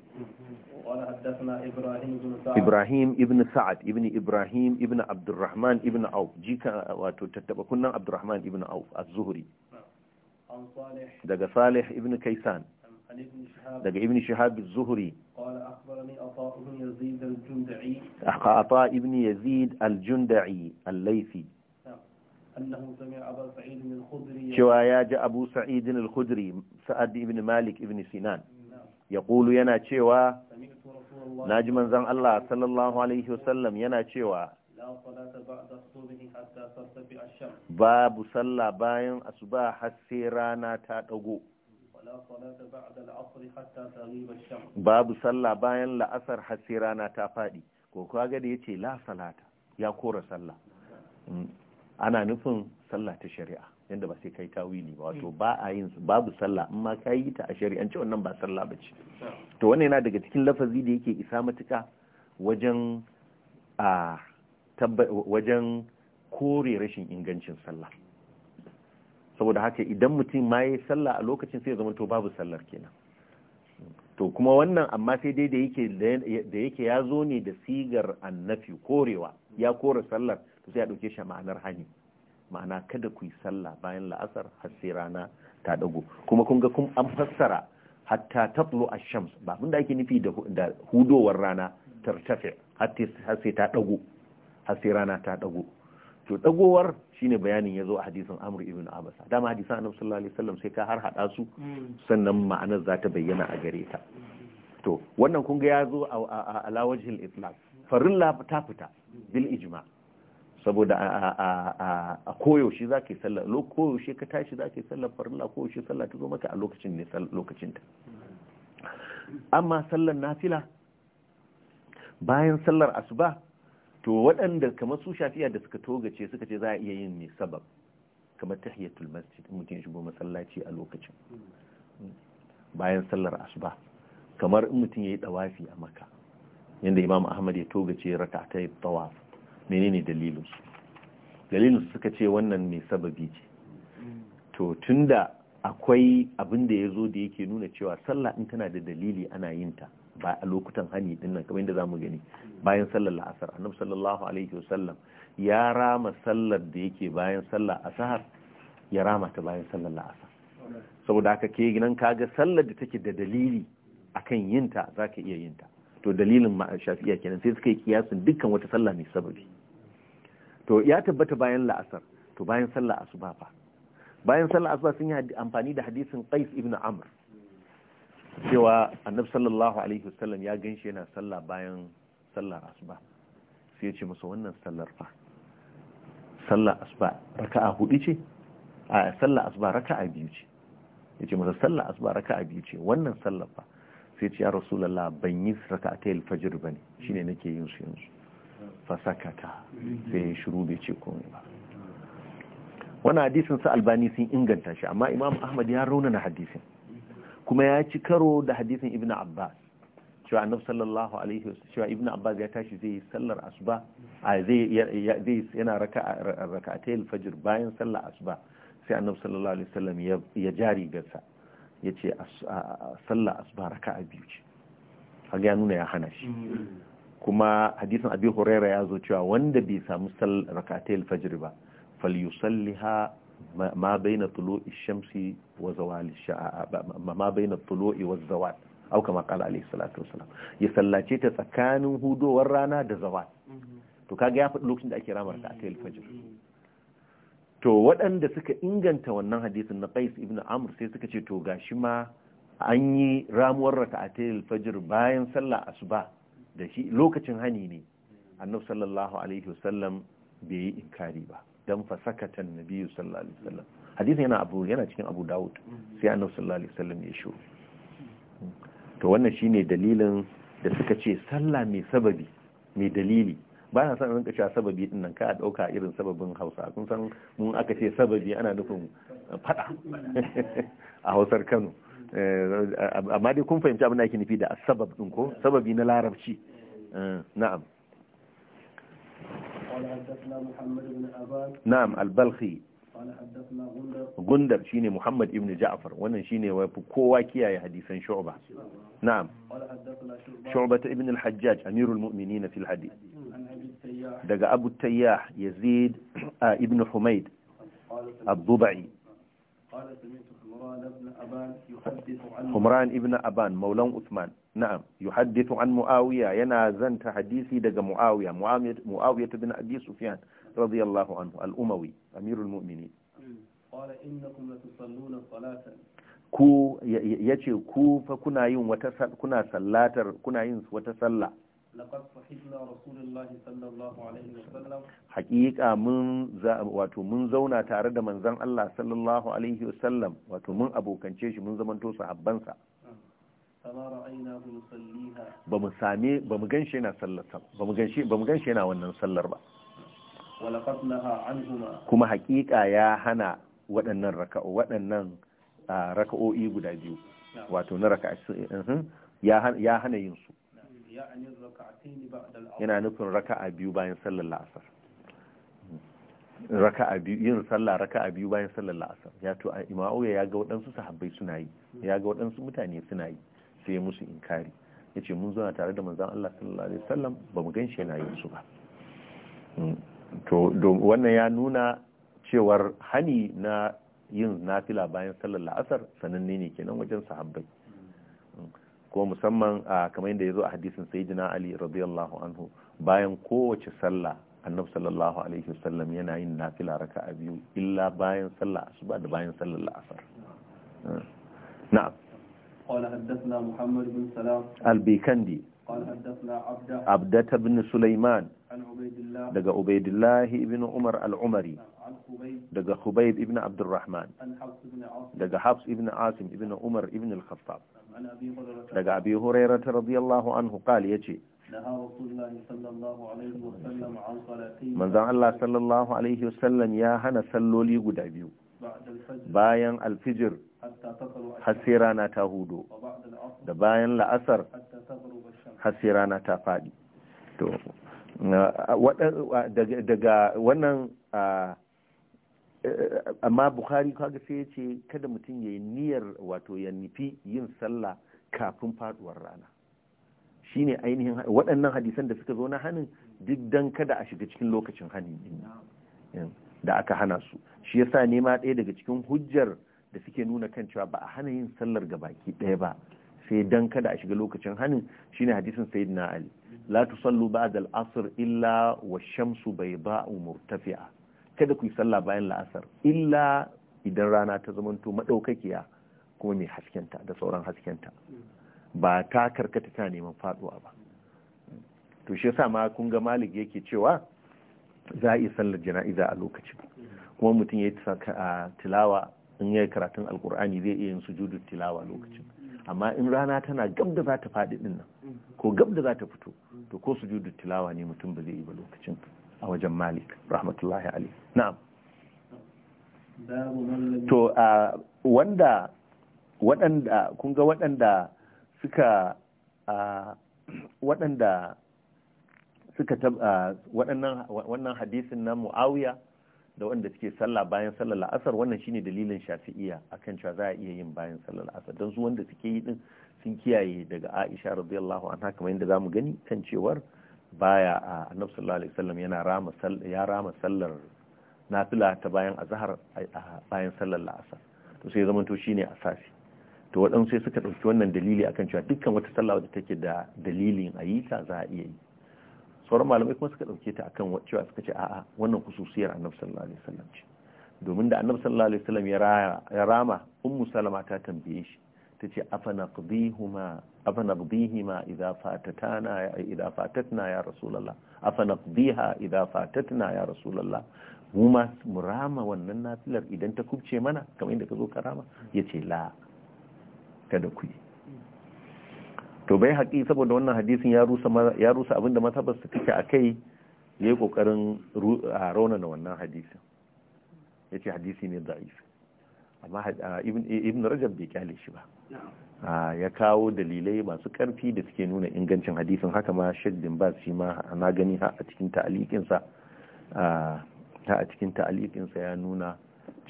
ibrahim ibn sa'ad ibn ibrahim ibn abdurrahman ibn auf jika wato tattaba kunnan ibn auf az-zuhri daga salih ibn kaisan daga ibn shihab az-zuhri qala ibn yazid al-junda'i al-laythi cewa ya ji abu sa'idin al-khudri sa'ad ibn malik ibn sinan ya kulu yana cewa na ji manzan Allah sallallahu alaihi wasallam yana cewa babu sallah bayan asuba har sai rana ta dago babu sallah bayan la'asar har sai rana ta fadi ko kaga da yace la salata ya kora sallah ana nufin sallah ta shari'a yadda ba sai kai tawili ba wato mm. ba a yin babu sallah in ma ka yi ta a shari'ance wannan ba sallah ba ce to wannan yana daga cikin lafazi da yake isa matuka wajen kore rashin ingancin sallah saboda haka idan mutum ma yi sallah a lokacin sai zama to babu sallar kenan to kuma wannan amma sai dai da yake da yake ya zo ne da sigar annafi korewa ya kore sallar zai sai ɗauke shi ma'anar hani ma'ana kada ku yi sallah bayan la'asar har sai rana ta dago kuma kun ga kun an fassara hatta tatlu ash-shams ba abinda ake nufi da hudowar rana tartafi har sai ta ɗago. har sai rana ta dago to dagowar shine bayanin yazo a hadisin amru ibn Abasa dama hadisan Annabi sallallahu alaihi wasallam sai ka har hada su mm. sannan ma'anar za ta bayyana a gare ta to wannan kun ga ya zo a ala islam farin farilla ta fita bil ijma' saboda a koyaushe za ka yi sallah koyaushe ka tashi za ka yi sallah farilla koyaushe sallah ta zo maka a lokacin ne lokacinta amma sallar nafila bayan sallar asuba to waɗanda kamar su shafiya da suka togace suka ce za a iya yin ne sabab kamar tahiyatul masjid mutum ya shigo masallaci a lokacin bayan sallar asuba kamar in mutum ya yi ɗawafi a maka yadda imam ahmad ya togace raka ta yi tawaf menene dalilinsu dalilinsu suka ce wannan mai sababi ce to tunda akwai abin da ya zo da yake nuna cewa sallah in tana da dalili ana yin ta ba a lokutan hani din nan kamar yadda zamu gani bayan sallar la'asar annabi sallallahu alaihi wasallam ya rama sallar da yake bayan sallar asahar ya rama ta bayan sallar la'asar saboda haka ke nan kaga sallar da take da dalili akan yin ta zaka iya yin ta to dalilin ma kenan sai suka yi kiyasin dukkan wata sallah mai sababi to ya tabbata bayan la'asar to bayan sallah asuba fa bayan sallah asuba sun yi amfani da hadisin Qais ibn Amr cewa annabi sallallahu alaihi wasallam ya ganshi yana sallah bayan sallar asuba sai ya ce masa wannan sallar fa sallar asuba raka'a hudu ce a sallar asuba raka'a biyu ce ya ce masa sallar asuba raka'a biyu ce wannan sallar fa sai ya ce ya rasulullah ban yi raka'atai fajr bane shine nake yin su yanzu fasakata sai ya shiru bai ce komai ba wani hadisin sa albani sun inganta shi amma imam ahmad ya raunana hadisin kuma ya ci karo da hadisin ibn abbas cewa sallallahu alaihi wasu cewa ibn abbas ya tashi zai yi sallar asuba a zai zai yana raka'a raka'atayil fajir bayan sallar asuba sai annabi sallallahu alaihi wasallam ya jari gasa yace sallar asuba raka'a biyu ce ya nuna ya hana shi kuma hadisin abi huraira ya zo cewa wanda bai samu sal rakatai alfajir ba yusalliha ma baina tulu'i shamsi wa zawali sha'a ma baina tulu'i wa zawal au kama qala alayhi salatu wasalam ya sallace ta tsakanin hudowar rana da zawal to kaga ya faɗi lokacin da ake ramar rakatai alfajir to waɗanda suka inganta wannan hadisin na Qais ibn Amr sai suka ce to gashi ma an yi ramuwar rakatai alfajir bayan sallah asuba da shi lokacin hani ne annabi sallallahu alaihi wasallam bai yi inkari ba dan fasakatan nabiyyu sallallahu alaihi wasallam hadisin yana abu yana cikin abu daud sai annabi sallallahu alaihi wasallam ya shi to wannan shine dalilin da suka ce sallah mai sababi mai dalili ba na san rinka cewa sababi din nan ka dauka irin sababin Hausa kun san mun aka ce sababi ana nufin fada a Hausar Kano Eh, amma dai kun fahimci abin da ake nufi da sabab din ko sababi na larabci eh, na'am na'am al gundar shine muhammad ibn ja'far wannan shine wa fi kowa kiyaye hadisan shu'ba na'am shu'ba ta ibn al-hajjaj amirul mu'minin al hadith daga abu tayyah yazid ah, ibn humayd الضبعي قال humran ibn aban maulan usman na'am yuhaddithu an muawiya yana zanta hadisi daga muawiya muawiya ta ibn abi sufyan radiyallahu anhu al amirul mu'minin qala innakum latusalluna ku yace ku fa kuna yin wata kuna sallatar kuna yin wata sallah haƙiƙa mun wato mun zauna tare da manzon Allah sallallahu alaihi wasallam wato mun abokance shi mun zamanto sahabbansa ba mu same ba mu gan yana sallar ba mu ba mu ganshi yana wannan sallar ba kuma haƙiƙa ya hana waɗannan raka'o waɗannan raka'o'i guda biyu wato na raka'a ya hana yin su yana nufin raka'a biyu bayan sallar la'asar raka'a biyu yin sallah raka'a biyu bayan sallar la'asar ya to imauya ya ga waɗansu sahabbai suna yi ya ga waɗansu mutane suna yi sai ya musu inkari ya ce mun zauna tare da manzan Allah sallallahu alaihi wasallam ba mu ganshi yana yin su ba hmm. to wannan ya nuna cewar hani na yin nafila bayan sallar la'asar sananne ne kenan wajen sahabbai hmm. ko musamman a kamar yadda ya zo a hadisin sayyidina ali radiyallahu anhu bayan kowace sallah annabi sallallahu alaihi wasallam yana yin nafila a biyu illa bayan sallah asuba da bayan sallar la'asar hmm. na'am قال حدثنا محمد بن سلام البيكندي قال حدثنا عبدة عبدة بن سليمان daga ubaidillahi ibn umar al'umari daga hubaib ibn abdurrahman daga hafs ibn asim ibn umar ibn al-khattab daga abi hurairah radiyallahu anhu qal yace Manzan Allah sallallahu alaihi wasallam ya hana salloli guda biyu bayan alfijir har sai rana ta hudo da bayan la'asar har na ta faɗi daga wannan amma bukhari kaga sai ya ce kada mutum ya yi niyyar wato ya nufi yin sallah kafin faduwar rana ne ainihin waɗannan hadisan da suka zo na hannun duk don kada a shiga cikin lokacin hannun da aka hana su shi yasa nema ɗaya daga cikin hujjar da suke nuna kan cewa ba a hana yin sallar ga baki ɗaya ba sai dan kada a shiga lokacin hanin shine hadisin sayyidina ali la tusallu ba'da da asr illa wa shamsu bai bayda'u murtafi'a kada ku yi sallah bayan la'asar illa idan rana ta zamanto madaukakiya kuma mai haskenta da sauran haskenta ba ta karkata ta neman faduwa ba to shi yasa ma kun ga malik yake cewa za a yi sallar jana'iza a lokacin kuma mutum ya yi tilawa in yi karatun alkur'ani zai iya yin sujudu tilawa lokacin amma in rana tana gab da za ta faɗi ɗin nan ko gab da za ta fito to ko su judu tilawa ne mutum ba zai yi ba lokacin a wajen malik rahmatullahi Ali. na'am to a wanda waɗanda kun ga waɗanda suka a waɗanda suka waɗannan wannan hadisin na muawiya da wanda suke sallah bayan sallar la'asar wannan shine dalilin shafi'iya akan cewa za a iya yin bayan sallar la'asar don su wanda suke yi din sun kiyaye daga Aisha radiyallahu anha kamar yadda zamu gani kan cewar baya a Annabi sallallahu alaihi wasallam yana rama ya rama sallar nafila ta bayan azhar bayan sallar la'asar to sai zaman to shine asasi to waɗansu sai suka ɗauki wannan dalili akan cewa dukkan wata sallah da take da dalilin a za a iya yi sauran malamai kuma suka ɗauke ta akan cewa suka ce a'a wannan kususiyar annabi sallallahu alaihi wasallam ce domin da annabi sallallahu alaihi wasallam ya rama ummu salama ta tambaye shi ta ce afa afanaqdihima idza fatatana idza fatatna ya rasulullah ha idza fatatna ya rasulullah mu ma mu rama wannan nafilar idan ta kubce mana kamar yadda ka zo ka rama yace la kada ku yi to bai haƙi saboda wannan hadisin ya rusa abinda mazhabar su kake a kai ya yi ƙoƙarin raunana wannan hadisin ya ce hadisi ne da'if amma ibn rajab bai kyale shi ba ya kawo dalilai masu ƙarfi da suke nuna ingancin hadisin haka ma shaddin ba shi ma na gani ha cikin ta'alikinsa a cikin ta'alikinsa ya nuna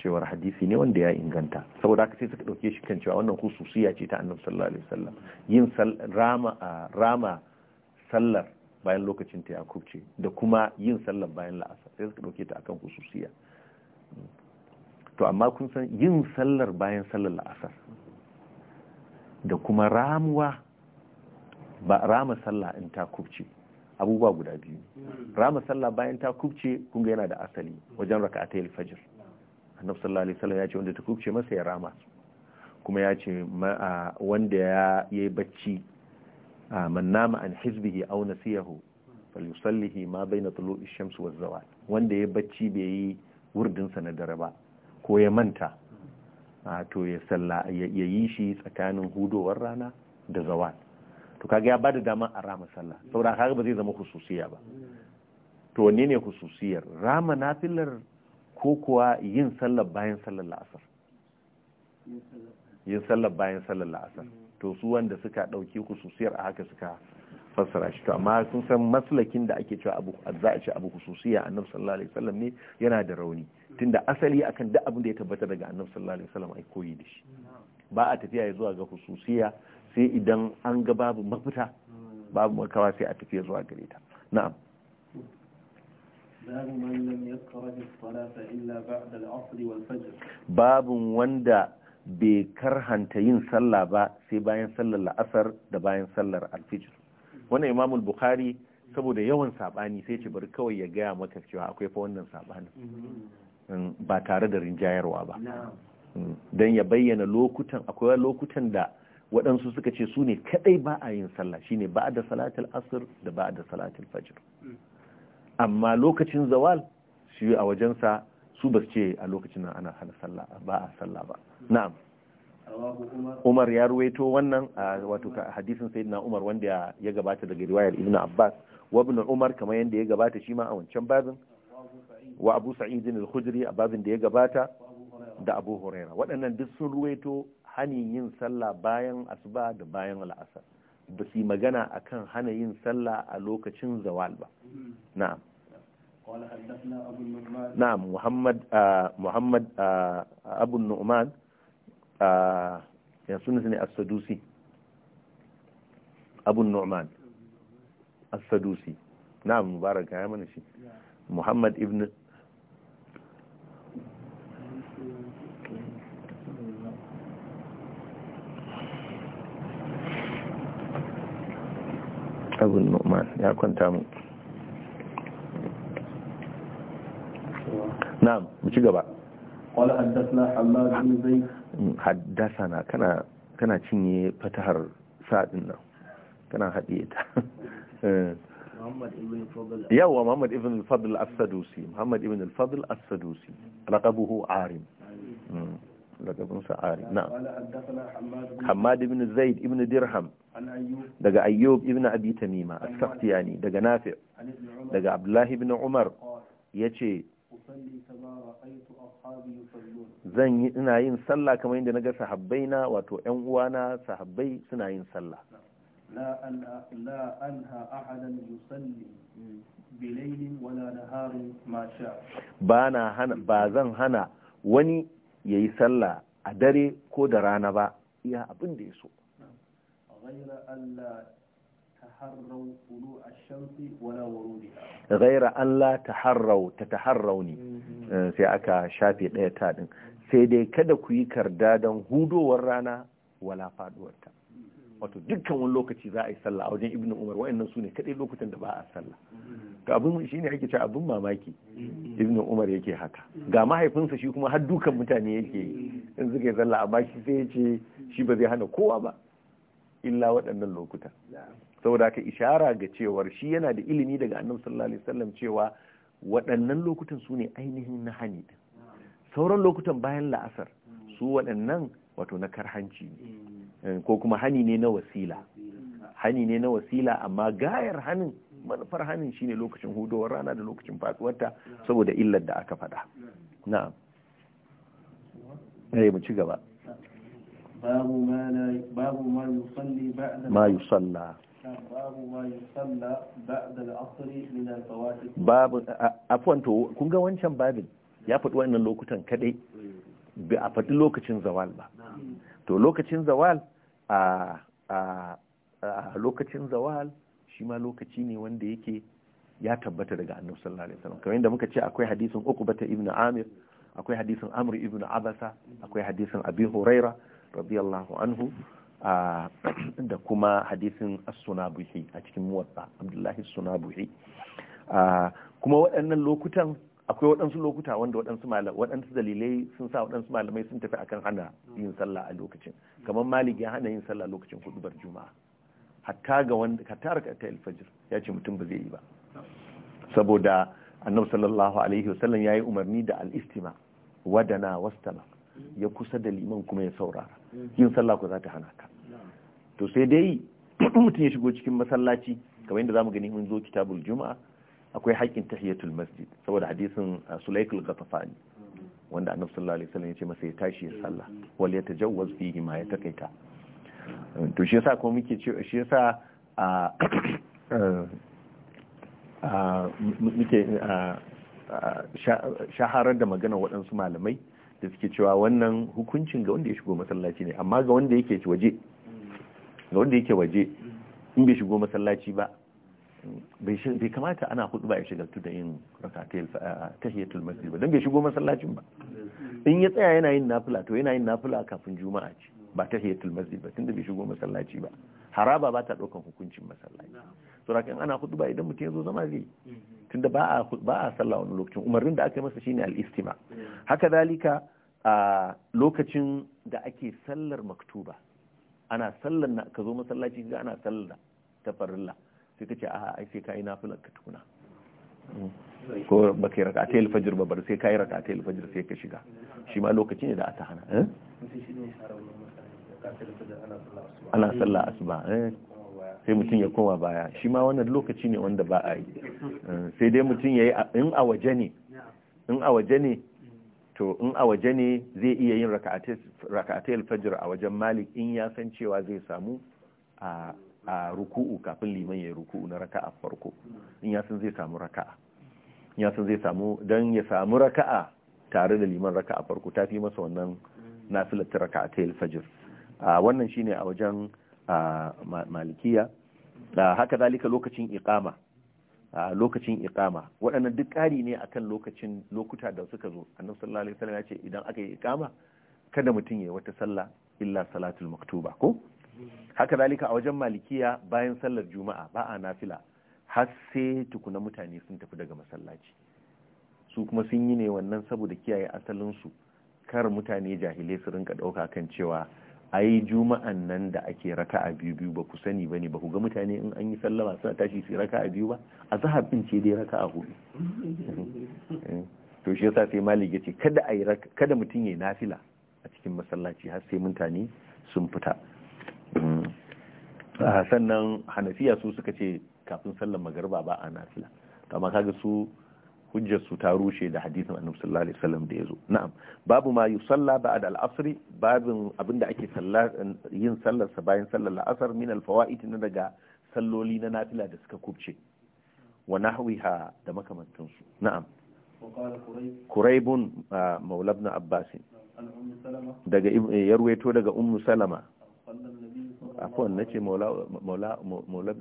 cewar hadisi ne wanda ya inganta saboda haka sai suka ɗauke shi kan cewa wannan hususiya ce ta annabi sallallahu alaihi wasallam yin rama rama sallar bayan lokacin ta yakub ce da kuma yin sallar bayan la'asar sai suka ɗauke ta akan hususiya to amma kun san yin sallar bayan sallar la'asar da kuma ramuwa ba rama sallah in ta kubce abubuwa guda biyu rama sallah bayan ta kubce kun ga yana da asali wajen raka'atul fajr annabi sallallahu alaihi wasallam ya ce wanda ta kubce masa ya rama kuma ya ce wanda ya yi bacci man nama an hizbihi aw nasiyahu falyusallihi ma baina tulu'i shams wa zawal wanda ya bacci bai yi wurdin sa na dare ba ko ya manta to ya salla ya yi shi tsakanin hudowar rana da zawal to kaga ya bada dama a rama sallah saboda kaga ba zai zama hususiya ba to wanne ne hususiyar rama nafilar ko kuwa yin sallar bayan sallar la'asar yin sallar bayan sallar la'asar to su wanda suka ɗauki kususiyar a haka suka fassara shi to amma sun san maslakin da ake cewa abu za a ce abu kususiya annab sallallahu alaihi wasallam ne yana da rauni tunda asali akan duk abin da ya tabbata daga annab sallallahu alaihi wasallam ai koyi da shi ba a tafiya ya zuwa ga kususiya sai idan an ga babu mafita babu makawa sai a tafiya zuwa gareta. na'am babu wanda bai karhanta yin sallah ba sai bayan sallar la'asar da bayan sallar alfijir wannan imamul bukhari saboda yawan sabani sai ce bari kawai ya gaya maka cewa akwai fa wannan sabani ba tare da rinjayarwa ba don ya bayyana lokutan akwai lokutan da waɗansu suka ce su ne kaɗai ba a yin sallah shine ba da salatul asir da ba da salatul fajr amma lokacin zawal shi a wajensa su ba ce a lokacin nan ana hana sallah ba a sallah ba na'am Umar ya ruwaito wannan wato hadisin sayyidina Umar wanda ya gabata daga riwayar Ibn Abbas wa ibn Umar kamar yadda ya gabata shi ma a wancan babin wa Abu Sa'id al-Khudri a babin da ya gabata da Abu Huraira waɗannan duk sun ruwaito hanin yin sallah bayan asuba da bayan al'asar ba su magana akan hana yin sallah a lokacin zawal ba na'am نعم محمد آه محمد آه أبو النعمان آه يسنسني السدوسي أبو النعمان السدوسي نعم مبارك يا منشي محمد ابن أبو النعمان يا كنت أمو na'am mu ci gaba qala haddathana bin zayd mm, kana kana cinye fatahar sa'adin nan kana hadiye ta yawa eh. muhammad ibn al-fadl as-sadusi muhammad ibn al-fadl as-sadusi laqabuhu arim لقبن سعاري نعم حماد بن زيد ابن درهم دقى أيوب ابن أبي تميمة السختياني دقى نافع دقى عبد الله بن عمر يتشي zan yi ina yin sallah kamar yadda ga sahabbai na wato yan uwana sahabbai suna yin sallah ba na hana ba zan hana wani ya yi sallah a dare ko da rana ba iya abin da ya so تتحروا allah الشمس ولا ورودها غير لا sai aka shafe ɗaya ta ɗin sai dai kada ku yi karda don hudowar rana wala faɗuwarta wato dukkan wani lokaci za a yi sallah a wajen ibnu umar wa'annan su ne kaɗai lokutan da ba a sallah to abin shi ne ake cewa abin mamaki ibnu umar yake haka ga mahaifinsa shi kuma har dukan mutane yake yi in suka yi sallah amma shi sai ya ce shi ba zai hana kowa ba illa waɗannan lokuta saboda ka ishara ga cewar shi yana da ilimi daga annabi sallallahu alaihi wasallam cewa waɗannan lokutan su ne ainihin na hani din sauran lokutan bayan la'asar su waɗannan wato na karhanci ne hmm. eh, ko kuma hani ne na wasila hmm. hani ne na wasila amma gayar hanin manufar hanin shine lokacin hudowar rana da lokacin faduwarta hmm. saboda illar da aka faɗa na'am eh mu ci gaba babu ma la babu ma yusalli ba'da ma yusalla babu to kun ga wancan babin ya faɗi wannan lokutan kaɗai. ba a faɗi lokacin zawal ba to lokacin zawal a lokacin zawal shi ma lokaci ne wanda yake ya tabbata daga annabi sallallahu alaihi wasallam kamar yadda muka ce akwai hadisin bata ibn Amir akwai hadisin Amr ibn Abasa akwai hadisin Abi Huraira radiyallahu anhu da kuma hadisin as-sunabuhi a cikin muwatta abdullahi as-sunabuhi kuma waɗannan lokutan akwai waɗansu lokuta wanda waɗansu malamai waɗansu dalilai sun sa waɗansu malamai sun tafi akan hana yin sallah a lokacin kamar malik ya hana yin sallah lokacin bar juma'a hatta ga wanda hatta raka ta alfajir ya ce mutum ba zai yi ba saboda annabi sallallahu alaihi wasallam yayi umarni da al-istima wadana wastama ya kusa da liman kuma ya saurara yin sallah ko za ta hana ka to sai dai mutum ya shigo cikin masallaci kamar yadda zamu gani mun zo kitabul juma'a akwai haƙƙin tahiyatul masjid saboda hadisin uh, sulaikul ghatafani wanda annabi sallallahu alaihi wasallam ya ce masa ya tashi ya sallah wal yatajawwaz fihi ma ya to shi yasa kuma muke ce shi yasa uh, a uh, muke shaharar da magana waɗansu malamai da suke cewa wannan hukuncin ga wanda ya shigo masallaci ne amma ga wanda yake waje ga wanda yake waje in bai shigo masallaci ba bai kamata ana hudu ba ya shagaltu da yin rakatul eh, tahiyatul masjid ba dan bai shigo masallacin ba in ya tsaya yana yin nafila to yana yin nafila kafin juma'a ce ba tahiyatul masjid ba tunda bai shigo masallaci ba haraba ba ta daukan hukuncin masallaci to rakan ana hudu ba idan mutum ya zo zama zai mm-hmm. tunda ba a sallah wani lokacin umarnin da aka yi masa shine al-istima haka zalika a lokacin da ake sallar maktuba ana sallar na ka zo masallaci ga ana sallar ta farilla sai kace ce a ai sai ka yi nafilar ka tukuna hmm. ko ba kai raka ta alfajir ba bar sai ka yi raka ta alfajir sai ka shiga shi ma lokaci ne da aka hana eh? ana sallah asuba sai mutum ya koma baya shi ma wannan lokaci ne wanda ba a yi eh, sai dai mutum ya yi in a waje ne in a waje ne to in a waje ne zai iya yin raka'atai alfajir a wajen malik in ya san cewa zai samu a ruku'u kafin liman ya ruku'u na raka'a farko in ya san zai samu raka'a ya san zai samu don ya samu raka'a tare da liman raka'a farko ta fi masa wannan na raka'a ta a wannan shine a wajen ah, malikiya haka zalika lokacin iqama lokacin iqama waɗannan duk ƙari ne akan lokacin lokuta da suka zo annabi sallallahu alaihi wasallam ya ce idan aka yi iqama kada mutum ya wata sallah illa salatul maktuba ko haka zalika a wajen malikiya bayan sallar juma'a ba a nafila har sai tukuna mutane sun tafi daga masallaci su kuma sun yi ne wannan saboda kiyaye asalin su kar mutane jahilai su rinka ɗauka kan cewa ai juma'an nan da ake raka'a biyu biyu ba ku sani ba ne ba ku ga mutane in an yi sallama suna tashi su raka'a biyu ba a zahar din ce dai raka'a hudu eh, to shi yasa sai malik yace kada mutum kada mutum yayi nafila a cikin masallaci har sai mutane sun fita hmm. ah, sannan hanafiya su suka ce kafin sallar magariba ba a nafila amma kaga su hujjar su ta rushe da hadisin annabi sallallahu alaihi wasallam da yazo na'am babu ma yusalla ba'da al-asr babin abinda ake salla yin sallar sa bayan sallar al-asr min al-fawaid na daga salloli na nafila da suka kubce wa nahwiha da makamantan su na'am kuraibun maula ibn abbas daga daga ummu salama afwan nace maula maula maula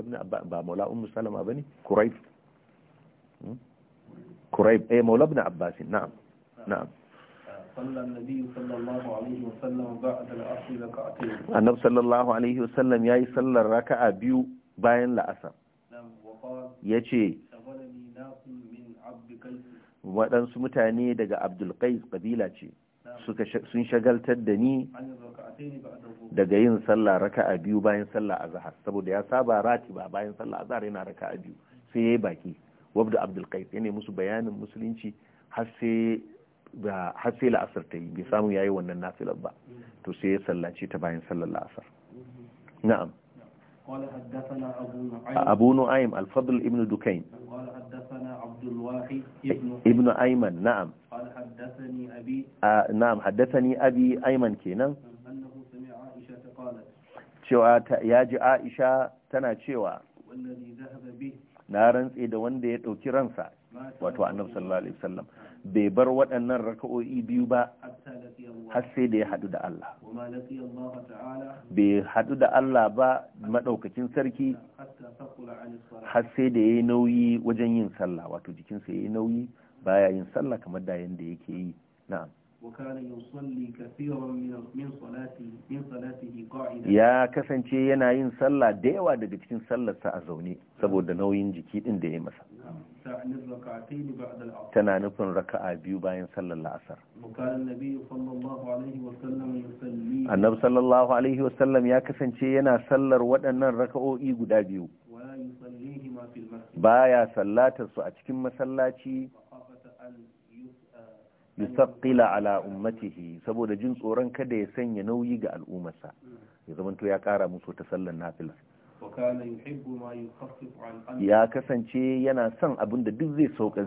ibn abba maula ummu salama bane kuraib كريب اي مولى ابن عباس نعم نعم صلى النبي صلى الله عليه وسلم بعد العصر ركعتين النبي صلى الله عليه وسلم ياي صلى ركعه بيو باين العصر نعم وقال يجي عبد قيس waɗansu mutane daga abdulkais ƙabila ce sun shagaltar da ni daga yin sallah raka'a biyu bayan sallah azhar saboda ya saba rati ba bayan sallah azhar yana raka'a biyu sai yayi baki wabda Abdul abdulkait yana musu bayanin musulunci har sai la'asar ta yi bai samu ya yi wannan nafilar ba to sai ya sallace ta bayan sallar la'asar na'am abu nu'aim alfadul ibn dukain eh, ibn ayman na'am na'am haddathani abi ayman kenan cewa ya ji aisha tana cewa na rantse da wanda ya ɗauki ransa wato annabi sallallahu alaihi wasallam bai bar waɗannan raka'o'i biyu ba har sai da ya haɗu da Allah bai haɗu da Allah ba maɗaukakin sarki har sai da ya yi nauyi wajen yin sallah wato jikinsa ya yi nauyi baya yin sallah kamar da yanda yake yi na'am وكان يصلي كثيرا من من صلاته من صلاته قاعدا يا كسانشي yana yin sallah da yawa daga cikin sallarsa a zaune saboda nauyin jiki din da ya masa tana nufin raka'a biyu bayan sallar la'asar annabi sallallahu alaihi wasallam ya kasance yana sallar waɗannan raka'o'i guda biyu baya sallatar su a cikin masallaci yusaqqila ala ummatihi saboda jin tsoron kada ya sanya nauyi ga al'ummarsa ya zamanto ya kara musu ta sallan nafila ya kasance yana son abin da duk zai sauka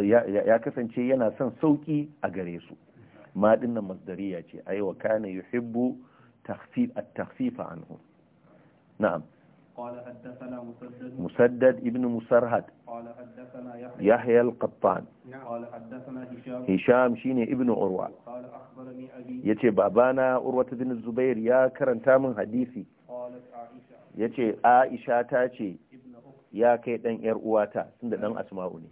ya kasance yana son sauki a gare su ma dinnan masdariya ce ayi wa kana yuhibbu takhfif at-takhfifa anhu na'am مسدد ابن مسرهد يحيى القطان هشام شيني ابن عروة يتي بابانا عروة بن الزبير يا كرن من حديثي يتي عائشة تاتي يا كي دن يرؤواتا سند دن أسماؤني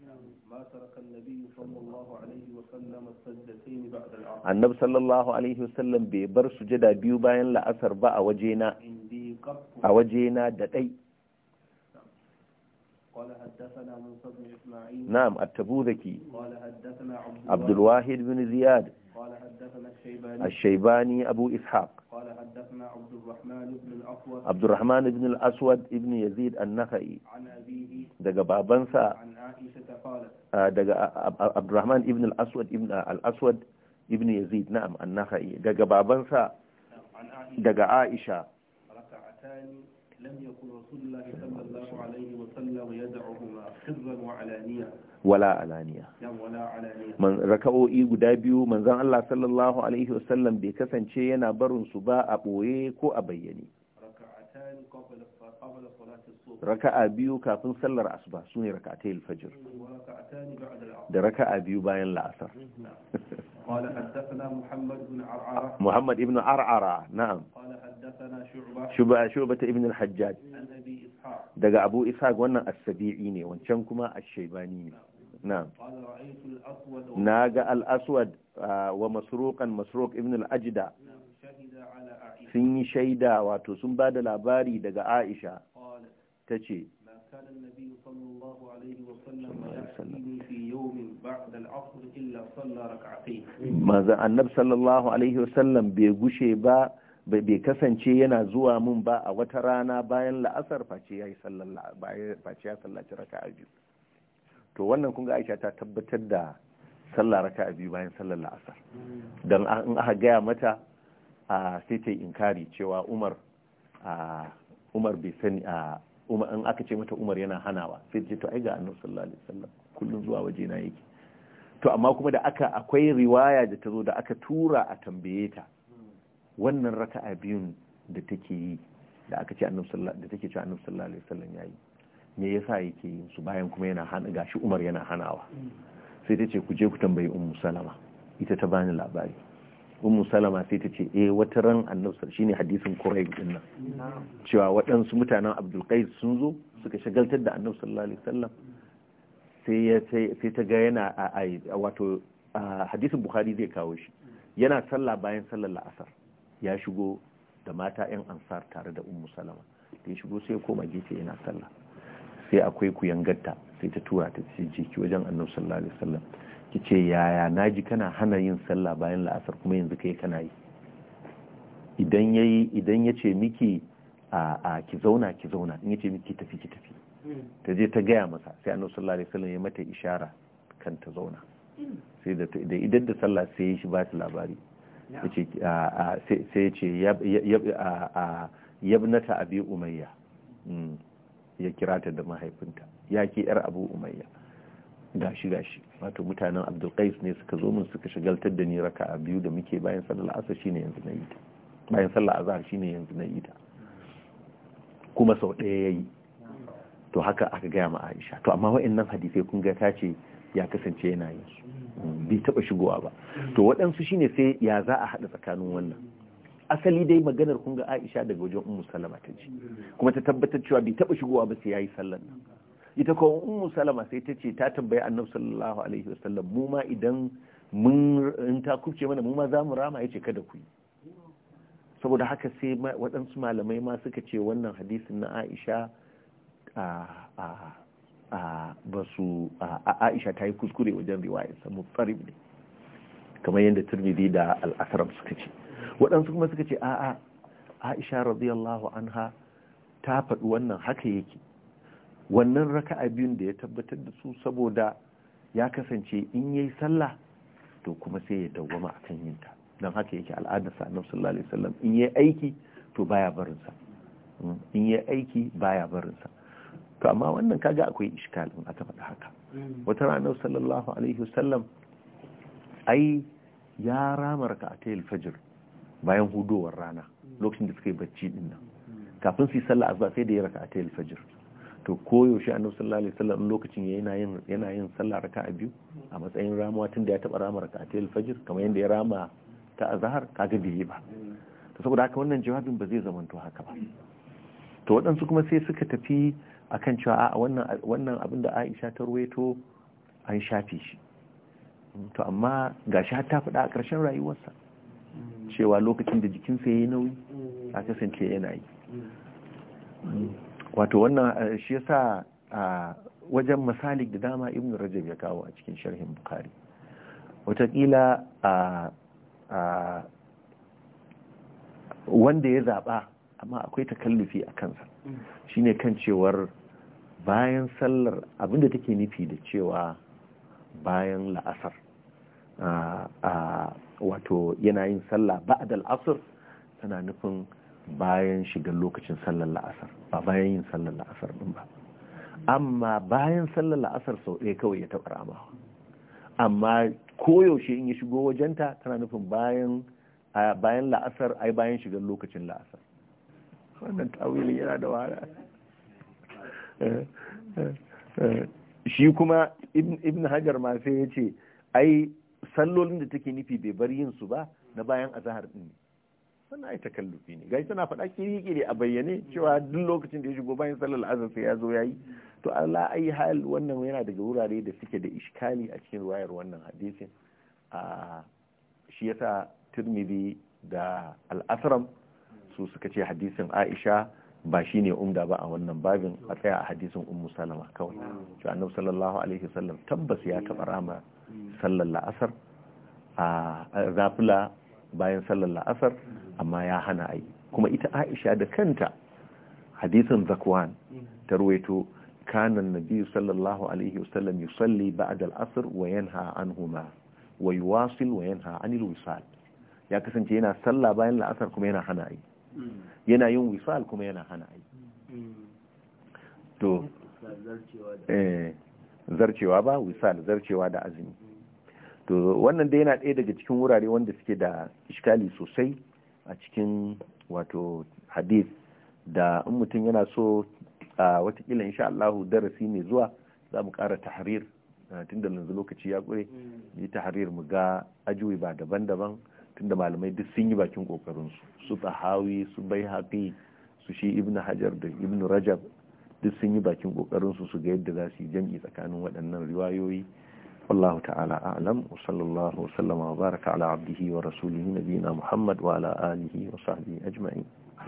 النبي صلى الله عليه وسلم بيبر سجدا بيو باين لأثر بقى وجينا a waje na da ɗai نعم التبوذكي عبد الواحد بن زياد الشيباني أبو إسحاق عبد الرحمن بن الأسود عبد الرحمن بن الأسود ابن يزيد النخعي عن أبيه دقى بابنسا عن عائشة قالت دقى عبد الرحمن ابن الأسود ابن الأسود ابن يزيد نعم النخعي دقى بابنسا دقى عائشة هاتان wala alaniya man raka'o'i guda biyu manzon Allah sallallahu alaihi bai kasance yana barin su ba a boye ko a bayyane raka'a biyu kafin sallar asuba sune raka'atai Fajir. da raka'a biyu bayan la'asar قال حدثنا محمد بن عرعرة محمد بن عرعرة نعم قال حدثنا شعبة شعبة, شعبة ابن الحجاج عن أبي إسحاق دقى أبو إسحاق وانا السبيعي ني وانشنكما الشيباني نعم نعم قال رأيت الأسود ناقى الأسود ومسروقا مسروق ابن الأجدع نعم شهد على عائشة سن شيدا واتو سن بعد الأباري دقى عائشة قال تشي ما كان النبي صلى الله عليه وسلم يأتيني في يوم بعد العصر إلا صلى ركعتين ماذا النبي صلى الله عليه وسلم بيغشي با bai kasance yana zuwa mun ba a wata rana bayan la'asar face ya sallaci raka a biyu to wannan kunga aisha ta tabbatar da sallar raka a biyu bayan sallar la'asar don in aka gaya mata a sai ta inkari cewa umar umar bai sani a in aka ce mata umar yana hanawa sai ta ce to ai ga annabi sallallahu alaihi wasallam kullun zuwa waje na yake to amma kuma da aka akwai riwaya da ta zo da aka tura a tambaye ta wannan raka'a biyun da take yi da aka ce annabi sallallahu da take ce annabi sallallahu alaihi wasallam yayi me yasa yake yin su bayan kuma yana hana gashi Umar yana hanawa sai ta ce ku je ku tambayi Ummu Salama ita ta bani labari Ummu Salama sai ta ce eh wata ran annabi shine hadisin Quraysh din nan cewa waɗansu mutanen Abdul Qais sun zo suka shagaltar da annabi sallallahu alaihi wasallam sai ta ga yana a wato hadisin bukhari zai kawo shi yana sallah bayan sallar la'asar ya shigo da mata 'yan ansar tare da ummu salama da ya shigo sai koma gefe yana sallah sai akwai kuyangarta sai ta tura ta ce jiki wajen annabi sallallahu alaihi wasallam ki ce yaya naji kana hana yin sallah bayan la'asar kuma yanzu kai kana yi idan yayi idan yace miki a ki zauna ki zauna in yace miki tafi ki tafi ta je ta gaya masa sai annabi sallallahu alaihi wasallam ya mata ishara kan ta zauna sai da da idan da sallah sai ya shi ba ta labari yace sai ya ce yabnata abi umayya hmm. ya kira ta da mahaifinta ya ke yar abu umayya gashi gashi wato mutanen abdulkais ne suka zo mun suka shagaltar da ni raka a biyu da muke bayan sallar asar shine yanzu na yi ta bayan sallar azhar shine yanzu na yi ta kuma sau ɗaya yayi to haka aka gaya ma aisha to amma wa'annan hadisai kun ga ta ce ya kasance yana yin su mm, bai taba shigowa ba mm. to waɗansu shine sai ya za a haɗa tsakanin wannan asali dai maganar kun ga aisha daga wajen ummu salama ta ji kuma ta tabbatar cewa bai taba shigowa ba sai yayi sallar nan ita ko ummu salama sai ta ce ta tambayi annabi sallallahu alaihi wasallam mu ma idan mun in ta kuce mana mu ma za mu rama yace kada ku yi saboda haka sai waɗansu malamai ma suka ce wannan hadisin na aisha ba su aisha ta yi kuskure wajen riwayarsa mutsarib ne kamar yadda turmidi da al'asarar suka ce waɗansu kuma suka ce a'a aisha radiyallahu anha ta faɗi wannan haka yake wannan raka abin da ya tabbatar da su saboda ya kasance in yi sallah to kuma sai ya dawwama akan yin ta don haka yake al'adar sa annabi sallallahu alaihi wasallam in yi aiki to baya barinsa. in yi aiki baya barinsa. to amma wannan kaga akwai iskalin aka faɗa haka mm. wata ranar sallallahu alaihi wasallam ai ya ramar ka a fajir bayan hudowar rana mm. lokacin da suka yi bacci din mm. kafin su yi sallah azza sai da ya raka a tayil fajir to koyaushe annabi sallallahu alaihi wasallam lokacin yana yin yana yin sallah raka'a biyu a matsayin ramuwa tun da ya taba rama raka'a ta kamar yanda ya rama ta azhar kaga bai yi ba to saboda haka wannan jawabin ba zai zamanto haka ba to waɗansu kuma sai suka tafi akan cewa a wannan abin da aisha ta ruwaito an shafi shi to amma ga shi ta faɗa a ƙarshen rayuwarsa cewa lokacin da jikinsa ya yi nauyi a kasance yana yi wato wannan eh, shi yasa a wajen misalik da dama Ibnu rajab ya kawo a cikin sharhin bukari watakila a wanda ya zaɓa amma akwai takallufi a kansa shine kan cewar bayan sallar abinda take nufi da cewa bayan la'asar wato yana yin sallah ba'dal asr tana nufin bayan shigar lokacin sallar la'asar ba bayan yin sallar la'asar din ba amma bayan sallar la'asar sau ɗaya kawai ya taɓa ramawa amma koyaushe in ya shigo wajenta tana nufin bayan bayan la'asar ai bayan shigar lokacin la'asar wannan tawili yana da wahala shi kuma ibn hajar ma sai ya ce ai sallolin da take nufi bai bar yin su ba na bayan azahar din ne sana ai takallufi ne gashi tana faɗa kiri-kiri a bayyane cewa duk lokacin da ya shigo bayan sallar azhar sai ya zo ya yi to Allah ai hal wannan yana daga wurare da suke da iskali a cikin wayar wannan hadisin a shi yasa Tirmidhi da Al-Asram su suka ce hadisin Aisha ba shi ne umda ba a wannan babin a tsaya a hadisin ummu salama kawai to annabi sallallahu alaihi wasallam tabbas ya taɓa rama sallar la'asar a zafila bayan sallar la'asar amma ya hana ai kuma ita aisha da kanta hadisin zakwan ta ruwaito kanan nabi sallallahu alaihi wasallam yusalli ba'da wayan wa yanha anhuma wa yuwasil wa yanha anil wisal ya kasance yana sallah bayan la'asar kuma yana hana ai yana yin wisal kuma yana hana aiki to eh, zarcewa ba wisal zarcewa da azumi to wannan dai yana ɗaya daga cikin wurare wanda suke da iskali sosai a cikin wato hadith da in mutum yana so a watakila insha Allahu darasi mai zuwa za mu ƙara tahrir eh, tun da lokaci ya ƙure yi tahrir mu ga ajuwi ba daban-daban tunda malamai duk sun yi bakin kokarinsu su tsahawi su bai haƙi su shi ibn hajar da ibn rajab duk sun yi bakin kokarinsu su ga yadda za su yi jam'i tsakanin waɗannan riwayoyi والله تعالى أعلم وصلى الله وسلم وبارك على عبده Muhammad نبينا محمد وعلى آله وصحبه أجمعين